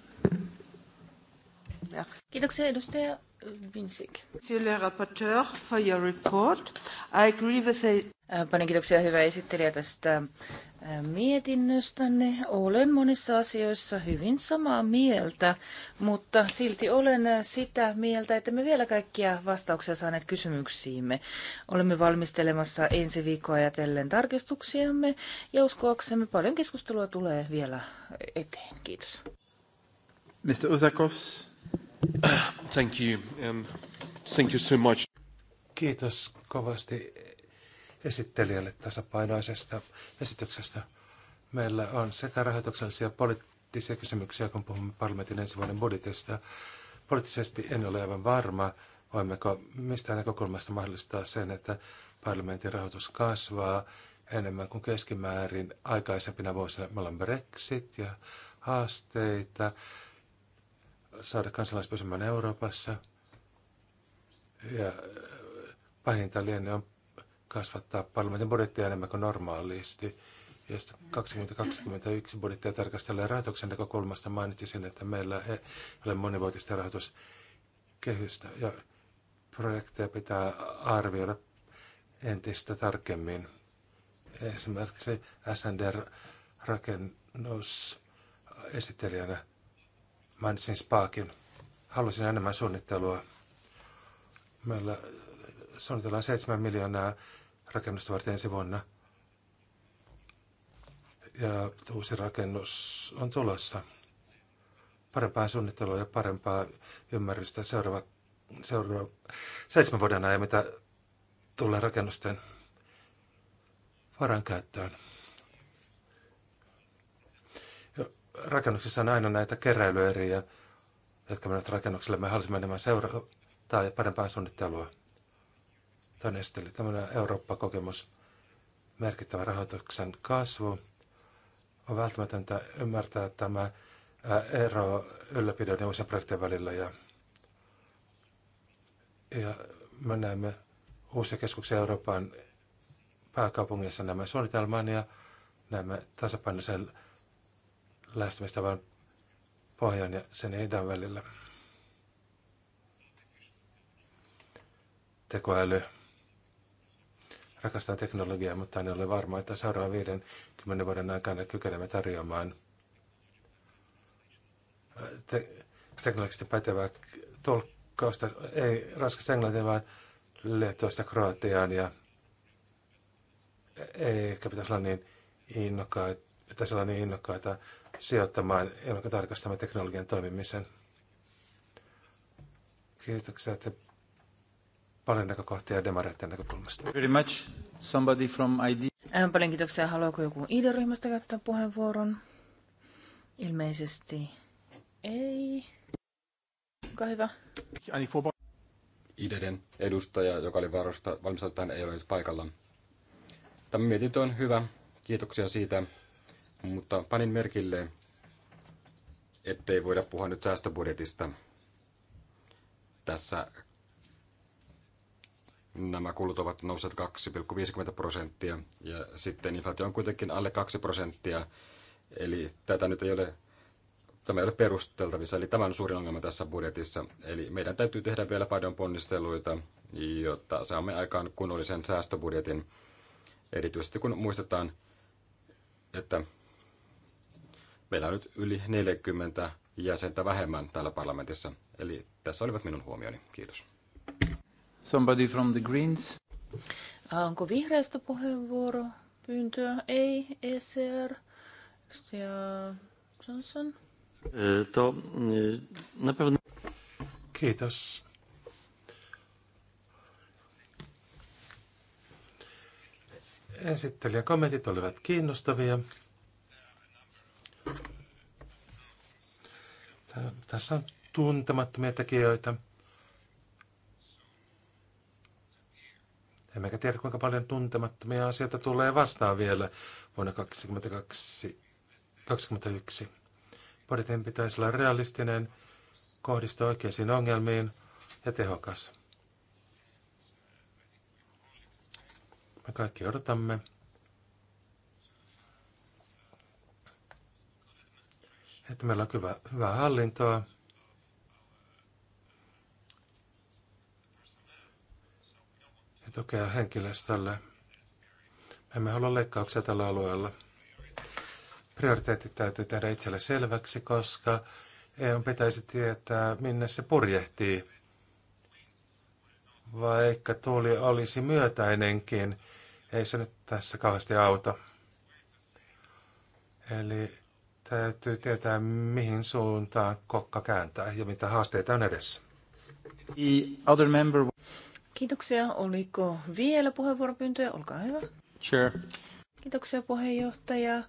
Speaker 4: Kiitoksia edustaja Vinsik. Monsieur le rapporteur for your report. I agree with the... Äh, paljon kiitoksia hyvä esittelijä tästä mietinnöstänne. Olen monissa asioissa hyvin samaa mieltä, mutta silti olen sitä mieltä, että me vielä kaikkia vastauksia saaneet kysymyksiimme. Olemme valmistelemassa ensi viikkoa ajatellen tarkistuksiamme ja uskoaksemme paljon keskustelua tulee vielä eteen. Kiitos.
Speaker 1: Mr. Uzakovs. Thank you. Um, thank you so much. Kiitos
Speaker 2: kovasti esittelijälle tasapainoisesta esityksestä. Meillä on sekä rahoituksellisia poliittisia kysymyksiä, kun puhumme parlamentin ensi vuoden budjetista. Poliittisesti en ole aivan varma, voimmeko mistään näkökulmasta mahdollistaa sen, että parlamentin rahoitus kasvaa enemmän kuin keskimäärin aikaisempina vuosina. Meillä on Brexit ja haasteita saada kansalaispysymään Euroopassa. Ja pahinta lienee on kasvattaa parlamentin budjettia enemmän kuin normaalisti. Ja 2021 budjettia tarkastelee rahoituksen näkökulmasta mainitsisin, että meillä ei ole monivuotista rahoituskehystä ja projekteja pitää arvioida entistä tarkemmin. Esimerkiksi SND-rakennus esittelijänä mainitsin Spaakin. Haluaisin enemmän suunnittelua. Meillä suunnitellaan 7 miljoonaa rakennusta varten ensi vuonna. Ja uusi rakennus on tulossa. Parempaa suunnittelua ja parempaa ymmärrystä seuraava, seuraava seitsemän vuoden ajan, mitä tulee rakennusten varankäyttöön. rakennuksissa on aina näitä keräilyeriä, jotka menevät rakennukselle. Me halusimme enemmän seuraa ja parempaa suunnittelua. Tuon esteli tämmöinen Eurooppa-kokemus, merkittävä rahoituksen kasvu. On välttämätöntä ymmärtää tämä ero ylläpidon ja uusien projektien välillä. Ja, ja me näemme uusia keskuksia Euroopan pääkaupungissa nämä suunnitelman ja näemme tasapainoisen lähestymistavan pohjan ja sen idän välillä. Tekoäly rakastaa teknologiaa, mutta en ole varma, että seuraavan 50 vuoden aikana kykenemme tarjoamaan äh, te- teknologisesti pätevää tulkkausta. ei ranskasta englantia, vaan liettuasta kroatiaan ja e-, ehkä pitäisi olla niin innokkaita, pitäisi olla niin innokkaita sijoittamaan, tarkastamaan teknologian toimimisen. Kiitoksia, että paljon näkökohtia demareiden
Speaker 1: näkökulmasta. Very much. Somebody from ID.
Speaker 4: Äh, paljon kiitoksia. Haluaako joku ID-ryhmästä käyttää puheenvuoron? Ilmeisesti ei. Olkaa hyvä.
Speaker 3: IDEDen edustaja, joka oli varusta, valmisteltu tähän, ei ole nyt paikalla. Tämä mietintö on hyvä. Kiitoksia siitä. Mutta panin merkille, ettei voida puhua nyt säästöbudjetista tässä nämä kulut ovat nousseet 2,50 prosenttia ja sitten inflaatio on kuitenkin alle 2 prosenttia. Eli tätä nyt ei ole, tämä ei ole perusteltavissa, eli tämä on suurin ongelma tässä budjetissa. Eli meidän täytyy tehdä vielä paljon ponnisteluita, jotta saamme aikaan kunnollisen säästöbudjetin, erityisesti kun muistetaan, että meillä on nyt yli 40 jäsentä vähemmän täällä parlamentissa. Eli tässä olivat minun huomioni. Kiitos.
Speaker 1: Somebody from the Greens?
Speaker 4: Äh, onko vihreästä puheenvuoro pyyntöä? Ei, ECR. Ja Johnson.
Speaker 3: Äh, to äh, na
Speaker 2: pewno... Kiitos. Esittelijän kommentit olivat kiinnostavia. Tässä on tuntemattomia tekijöitä. Emmekä tiedä, kuinka paljon tuntemattomia asioita tulee vastaan vielä vuonna 2021. Budjetin pitäisi olla realistinen, kohdistua oikeisiin ongelmiin ja tehokas. Me kaikki odotamme. Että meillä on hyvä, hyvää hallintoa, ja tukea henkilöstölle. Me emme halua leikkauksia tällä alueella. Prioriteetit täytyy tehdä itselle selväksi, koska EU pitäisi tietää, minne se purjehtii. Vaikka tuuli olisi myötäinenkin, ei se nyt tässä kauheasti auta. Eli täytyy tietää, mihin suuntaan kokka kääntää ja mitä
Speaker 1: haasteita on edessä. The other member...
Speaker 4: Kiitoksia. Oliko vielä puheenvuoropyyntöjä? Olkaa hyvä. Sure. Kiitoksia puheenjohtaja.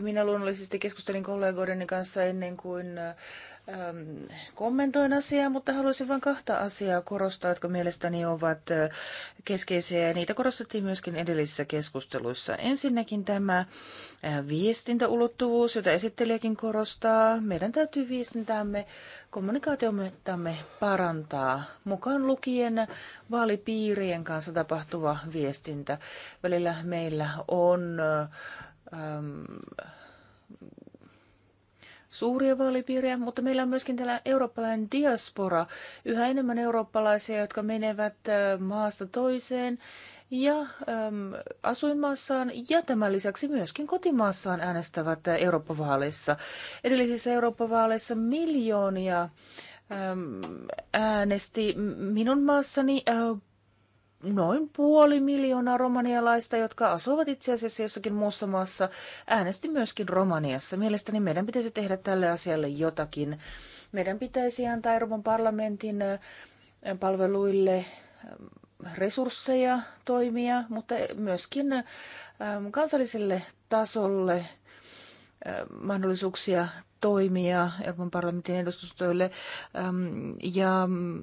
Speaker 4: Minä luonnollisesti keskustelin kollegoideni kanssa ennen kuin kommentoin asiaa, mutta haluaisin vain kahta asiaa korostaa, jotka mielestäni ovat keskeisiä ja niitä korostettiin myöskin edellisissä keskusteluissa. Ensinnäkin tämä viestintäulottuvuus, jota esittelijäkin korostaa. Meidän täytyy viestintäämme, kommunikaatiomme parantaa, mukaan lukien vaalipiirien kanssa tapahtuva viestintä. Välillä meillä on... ähm, suuria vaalipiirejä, mutta meillä on myöskin täällä eurooppalainen diaspora, yhä enemmän eurooppalaisia, jotka menevät maasta toiseen ja äm, asuinmaassaan ja tämän lisäksi myöskin kotimaassaan äänestävät Eurooppa-vaaleissa. Edellisissä Eurooppa-vaaleissa miljoonia äm, äänesti minun maassani äh, noin puoli miljoonaa romanialaista, jotka asuvat itse asiassa jossakin muussa maassa, äänesti myöskin Romaniassa. Mielestäni meidän pitäisi tehdä tälle asialle jotakin. Meidän pitäisi antaa Euroopan parlamentin palveluille resursseja toimia, mutta myöskin kansalliselle tasolle mahdollisuuksia toimia Euroopan parlamentin edustustoille ja mm,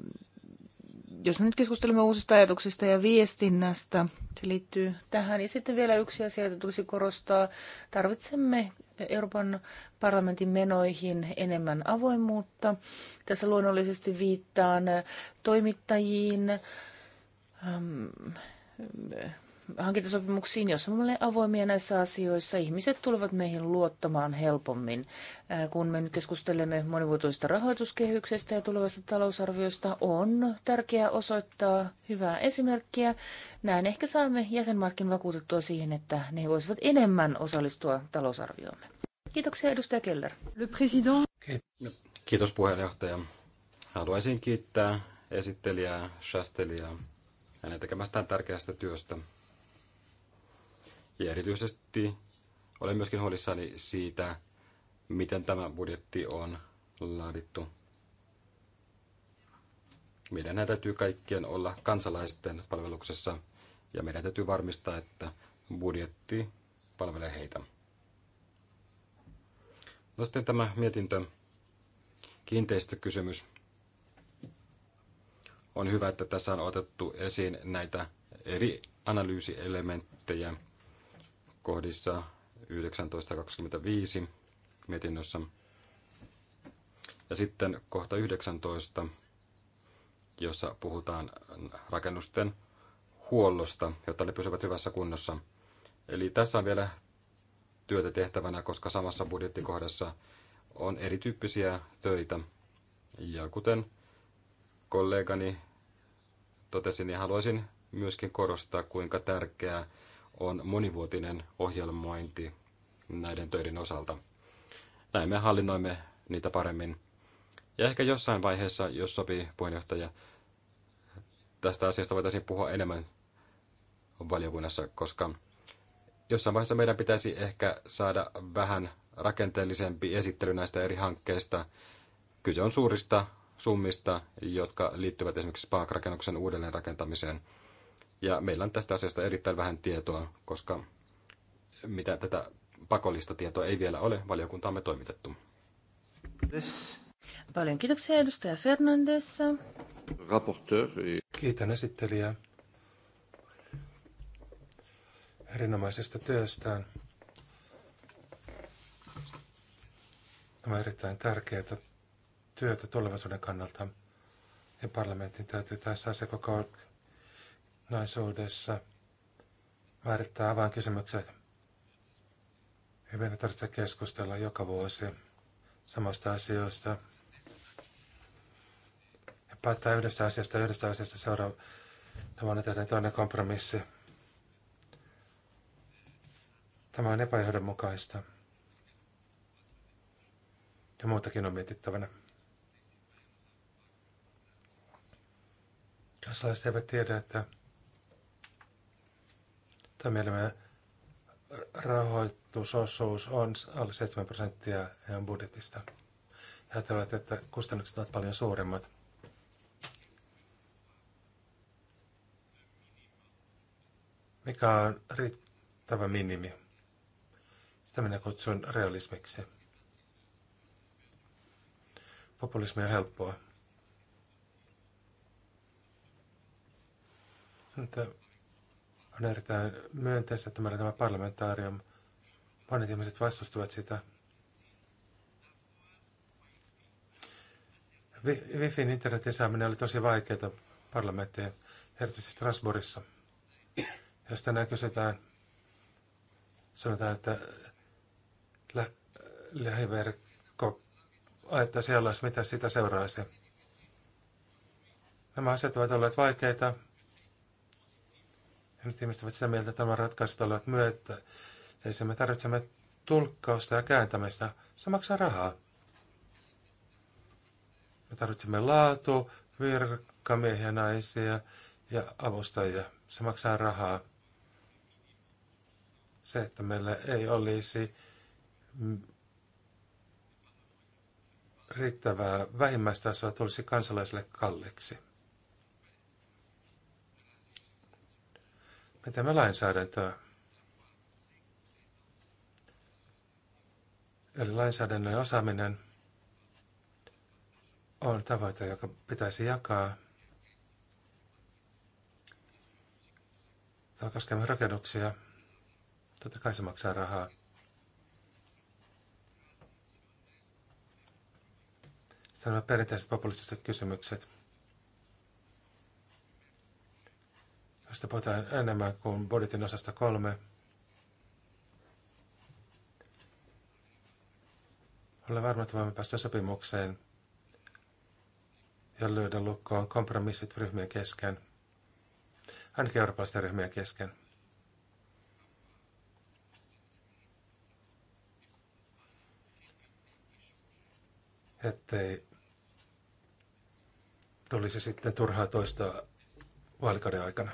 Speaker 4: jos nyt keskustelemme uusista ajatuksista ja viestinnästä, se liittyy tähän. Ja sitten vielä yksi asia, jota tulisi korostaa. Tarvitsemme Euroopan parlamentin menoihin enemmän avoimuutta. Tässä luonnollisesti viittaan toimittajiin, hankintasopimuksiin, jos olemme avoimia näissä asioissa, ihmiset tulevat meihin luottamaan helpommin. Äh, kun me nyt keskustelemme monivuotoisesta rahoituskehyksestä ja tulevasta talousarviosta, on tärkeää osoittaa hyvää esimerkkiä. Näin ehkä saamme jäsenmaatkin vakuutettua siihen, että ne voisivat enemmän osallistua talousarvioomme. Kiitoksia edustaja Keller. Le président.
Speaker 3: Kiitos puheenjohtaja. Haluaisin kiittää esittelijää Shastelia hänen tekemästään tärkeästä työstä. Ja erityisesti olen myöskin huolissani siitä, miten tämä budjetti on laadittu. Meidän täytyy kaikkien olla kansalaisten palveluksessa ja meidän täytyy varmistaa, että budjetti palvelee heitä. No sitten tämä mietintö, kiinteistökysymys. On hyvä, että tässä on otettu esiin näitä eri analyysielementtejä – kohdissa 19.25 mietinnössä. Ja sitten kohta 19, jossa puhutaan rakennusten huollosta, jotta ne pysyvät hyvässä kunnossa. Eli tässä on vielä työtä tehtävänä, koska samassa budjettikohdassa on erityyppisiä töitä. Ja kuten kollegani totesi, niin haluaisin myöskin korostaa, kuinka tärkeää on monivuotinen ohjelmointi näiden töiden osalta. Näin me hallinnoimme niitä paremmin. Ja ehkä jossain vaiheessa, jos sopii puheenjohtaja, tästä asiasta voitaisiin puhua enemmän valiokunnassa, koska jossain vaiheessa meidän pitäisi ehkä saada vähän rakenteellisempi esittely näistä eri hankkeista. Kyse on suurista summista, jotka liittyvät esimerkiksi Spaak-rakennuksen uudelleenrakentamiseen. rakentamiseen ja meillä on tästä asiasta erittäin vähän tietoa, koska mitä tätä pakollista tietoa ei vielä ole valiokuntaamme toimitettu.
Speaker 4: Paljon kiitoksia edustaja Fernandes.
Speaker 3: Raporteur. Kiitän esittelijää
Speaker 2: erinomaisesta työstään. Tämä on erittäin tärkeää työtä tulevaisuuden kannalta. Ja parlamentin täytyy tässä asiakokoon naisuudessa määrittää kysymykset. Ei meidän tarvitse keskustella joka vuosi samasta asioista. Ja päättää yhdestä asiasta yhdestä asiasta seuraavana tehdään toinen kompromissi. Tämä on epäjohdonmukaista. Ja muutakin on mietittävänä. Kansalaiset eivät tiedä, että toimielimen rahoitusosuus on alle 7 prosenttia heidän budjetista. He ajattelevat, että kustannukset ovat paljon suuremmat. Mikä on riittävä minimi? Sitä minä kutsun realismiksi. Populismi on helppoa. Mutta on erittäin myönteistä, että meillä tämä parlamentaarium. Monet ihmiset vastustuvat sitä. Wifin internetin saaminen oli tosi vaikeaa parlamenttiin, erityisesti Strasbourgissa. Jos tänään kysytään, sanotaan, että lä- lähiverkko ajattaisi alas, mitä sitä seuraisi. Nämä asiat ovat olleet vaikeita. Nyt ihmiset ovat sitä mieltä, että tämä ratkaisut olivat myötä. Ja me tarvitsemme tulkkausta ja kääntämistä. Se maksaa rahaa. Me tarvitsemme laatu, virkamiehiä, naisia ja avustajia. Se maksaa rahaa. Se, että meillä ei olisi riittävää vähimmäistasoa, tulisi kansalaisille kalliiksi. Mitä me lainsäädäntöä? Eli lainsäädännön osaaminen on tavoite, joka pitäisi jakaa. Tämä koskee myös rakennuksia. Totta kai se maksaa rahaa. Sitten nämä perinteiset populistiset kysymykset. Tästä puhutaan enemmän kuin budjetin osasta kolme. Olen varma, että voimme päästä sopimukseen ja löydä lukkoon kompromissit ryhmien kesken, ainakin eurooppalaisten ryhmien kesken. Ettei tulisi sitten turhaa toistoa vaalikauden aikana.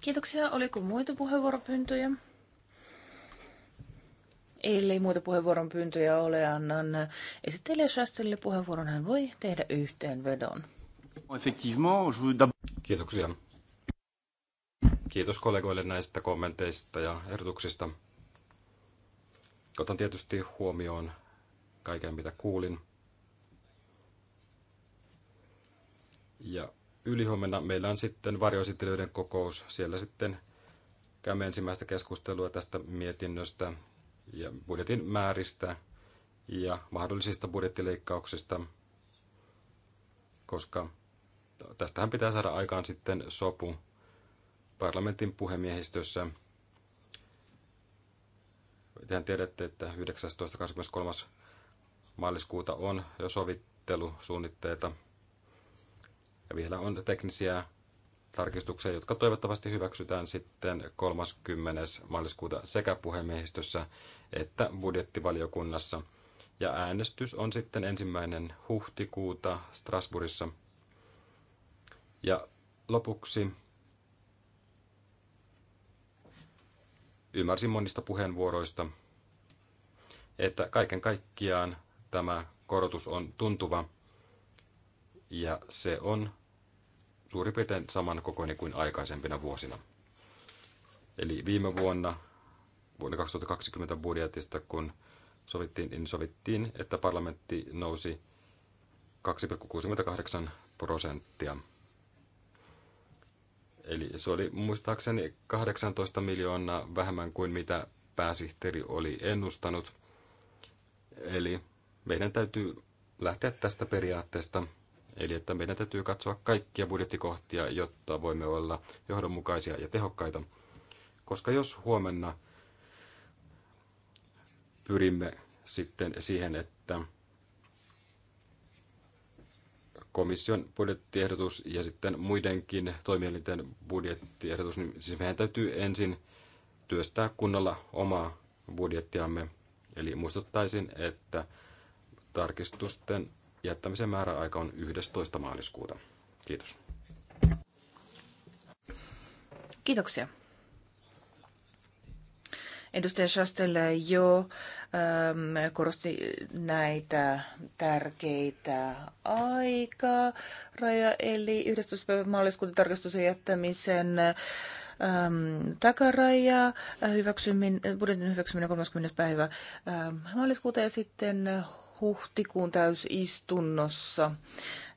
Speaker 4: Kiitoksia. Oliko muita puheenvuoropyyntöjä? Ellei muita puheenvuoron pyyntöjä ole, annan esittelijä Shastelille puheenvuoron. Hän voi tehdä yhteenvedon.
Speaker 3: Kiitoksia. Kiitos kollegoille näistä kommenteista ja ehdotuksista. Otan tietysti huomioon kaiken, mitä kuulin. Ja ylihuomenna meillä on sitten varjoesittelyiden kokous. Siellä sitten käymme ensimmäistä keskustelua tästä mietinnöstä ja budjetin määristä ja mahdollisista budjettileikkauksista, koska tästähän pitää saada aikaan sitten sopu parlamentin puhemiehistössä. Tehän tiedätte, että 19.23. maaliskuuta on jo sovittelusuunnitteita ja vielä on teknisiä tarkistuksia, jotka toivottavasti hyväksytään sitten 30. maaliskuuta sekä puhemiehistössä että budjettivaliokunnassa. Ja äänestys on sitten ensimmäinen huhtikuuta Strasbourgissa. Ja lopuksi ymmärsin monista puheenvuoroista, että kaiken kaikkiaan tämä korotus on tuntuva ja se on suurin piirtein saman kokoinen kuin aikaisempina vuosina. Eli viime vuonna, vuonna 2020 budjetista, kun sovittiin, niin sovittiin, että parlamentti nousi 2,68 prosenttia. Eli se oli muistaakseni 18 miljoonaa vähemmän kuin mitä pääsihteeri oli ennustanut. Eli meidän täytyy lähteä tästä periaatteesta, Eli että meidän täytyy katsoa kaikkia budjettikohtia, jotta voimme olla johdonmukaisia ja tehokkaita. Koska jos huomenna pyrimme sitten siihen, että komission budjettiehdotus ja sitten muidenkin toimielinten budjettiehdotus, niin siis meidän täytyy ensin työstää kunnolla omaa budjettiamme. Eli muistuttaisin, että tarkistusten jättämisen määräaika on 11. maaliskuuta. Kiitos.
Speaker 4: Kiitoksia. Edustaja Schastel jo ähm, korosti näitä tärkeitä aikaa. Raja eli 11. päivä maaliskuuta tarkastuksen jättämisen ähm, takaraja, äh, hyväksyminen, budjetin hyväksyminen 30. päivä ähm, maaliskuuta ja sitten huhtikuun täysistunnossa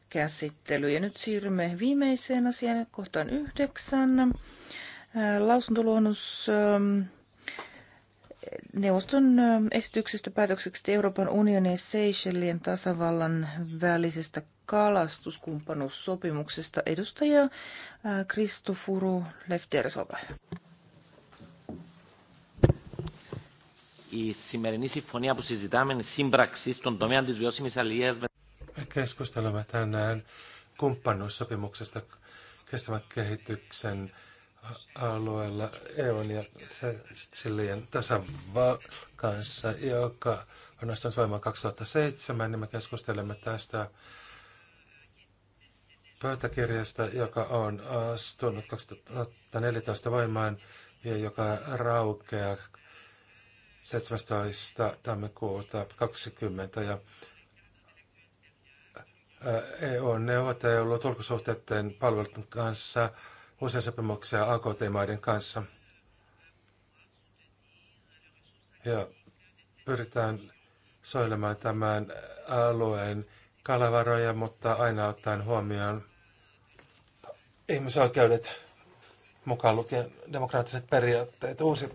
Speaker 4: käsittely. Ja nyt siirrymme viimeiseen asiaan, kohtaan yhdeksän. Äh, lausuntoluonnos ähm, neuvoston ähm, esityksestä päätökseksi Euroopan unionin ja Seychellien tasavallan välisestä kalastuskumppanuussopimuksesta edustaja Kristofuru äh, Lefters, olkaa hyvä.
Speaker 3: η σημερινή συμφωνία που συζητάμε είναι σύμπραξη στον τομέα της βιώσιμης αλληλείας.
Speaker 2: Me keskustelemme tänään kumppanuussopimuksesta kestävän kehityksen alueella EUn ja Silien tasavallan kanssa, joka on astunut voimaan 2007, niin me keskustelemme tästä pöytäkirjasta, joka on astunut 2014 voimaan ja joka raukeaa 17. tammikuuta 20 ja EU-neuvottelut ulkosuhteiden palvelut kanssa uusia sopimuksia AKT-maiden kanssa. Ja pyritään soilemaan tämän alueen kalavaroja, mutta aina ottaen huomioon ihmisoikeudet, mukaan lukien demokraattiset periaatteet. Uusi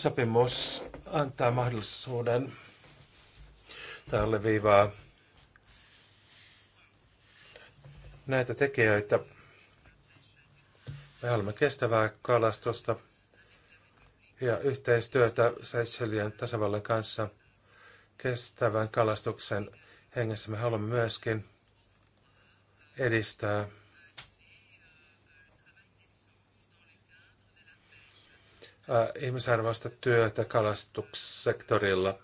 Speaker 2: sopimus antaa mahdollisuuden tälle viivaa näitä tekijöitä. Me haluamme kestävää kalastusta ja yhteistyötä Seychellien tasavallan kanssa kestävän kalastuksen hengessä. Me haluamme myöskin edistää Äh, ihmisarvoista työtä kalastussektorilla.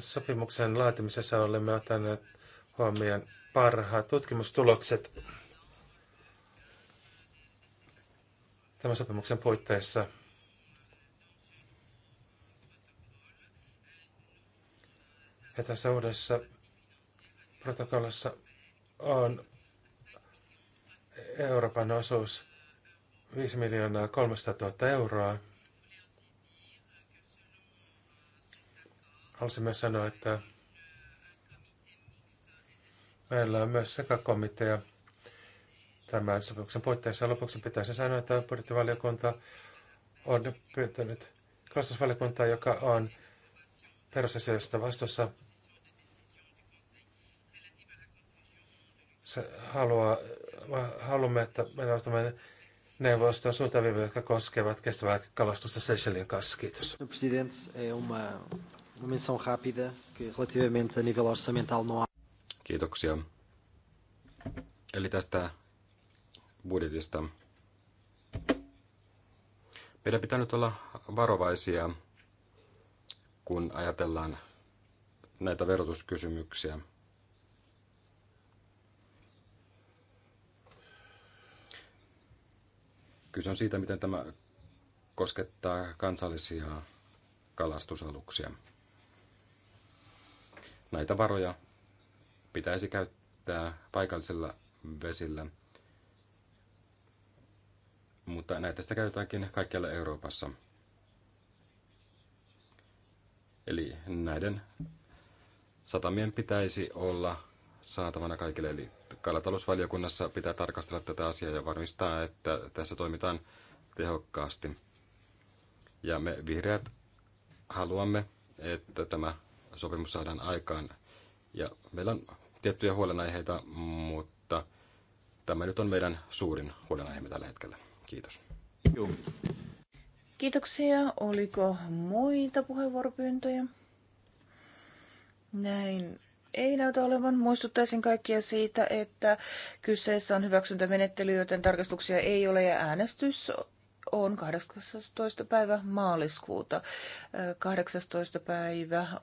Speaker 2: Sopimuksen laatimisessa olemme ottaneet huomioon parhaat tutkimustulokset tämän sopimuksen puitteissa. Ja tässä uudessa protokollassa on Euroopan osuus 5 miljoonaa 300 000 euroa. Haluaisin sanoa, että meillä on myös sekakomitea tämän sopimuksen puitteissa. Lopuksi pitäisi sanoa, että budjettivaliokunta on pyytänyt kalastusvaliokuntaa, joka on perusasioista vastuussa se haluaa, haluamme, että meillä on tämmöinen neuvoston suuntaviivoja, jotka koskevat kestävää kalastusta Seychellin kanssa.
Speaker 3: Kiitos. Kiitoksia. Eli tästä budjetista. Meidän pitää nyt olla varovaisia, kun ajatellaan näitä verotuskysymyksiä. Kyse on siitä, miten tämä koskettaa kansallisia kalastusaluksia. Näitä varoja pitäisi käyttää paikallisilla vesillä, mutta näitä sitä käytetäänkin kaikkialla Euroopassa. Eli näiden satamien pitäisi olla saatavana kaikille. Eli kalatalousvaliokunnassa pitää tarkastella tätä asiaa ja varmistaa, että tässä toimitaan tehokkaasti. Ja me vihreät haluamme, että tämä sopimus saadaan aikaan. Ja meillä on tiettyjä huolenaiheita, mutta tämä nyt on meidän suurin huolenaiheemme tällä hetkellä. Kiitos. Juu.
Speaker 4: Kiitoksia. Oliko muita puheenvuoropyyntöjä? Näin ei näytä olevan. Muistuttaisin kaikkia siitä, että kyseessä on hyväksyntämenettely, joten tarkastuksia ei ole ja äänestys on 18. päivä maaliskuuta. 18. Äh, päivä äh,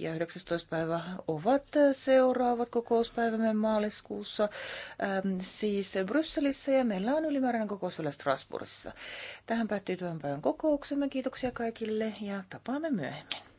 Speaker 4: ja 19. päivä ovat seuraavat kokouspäivämme maaliskuussa, ähm, siis Brysselissä ja meillä on ylimääräinen kokous vielä Strasbourgissa. Tähän päättyy tämän päivän kokouksemme. Kiitoksia kaikille ja tapaamme myöhemmin.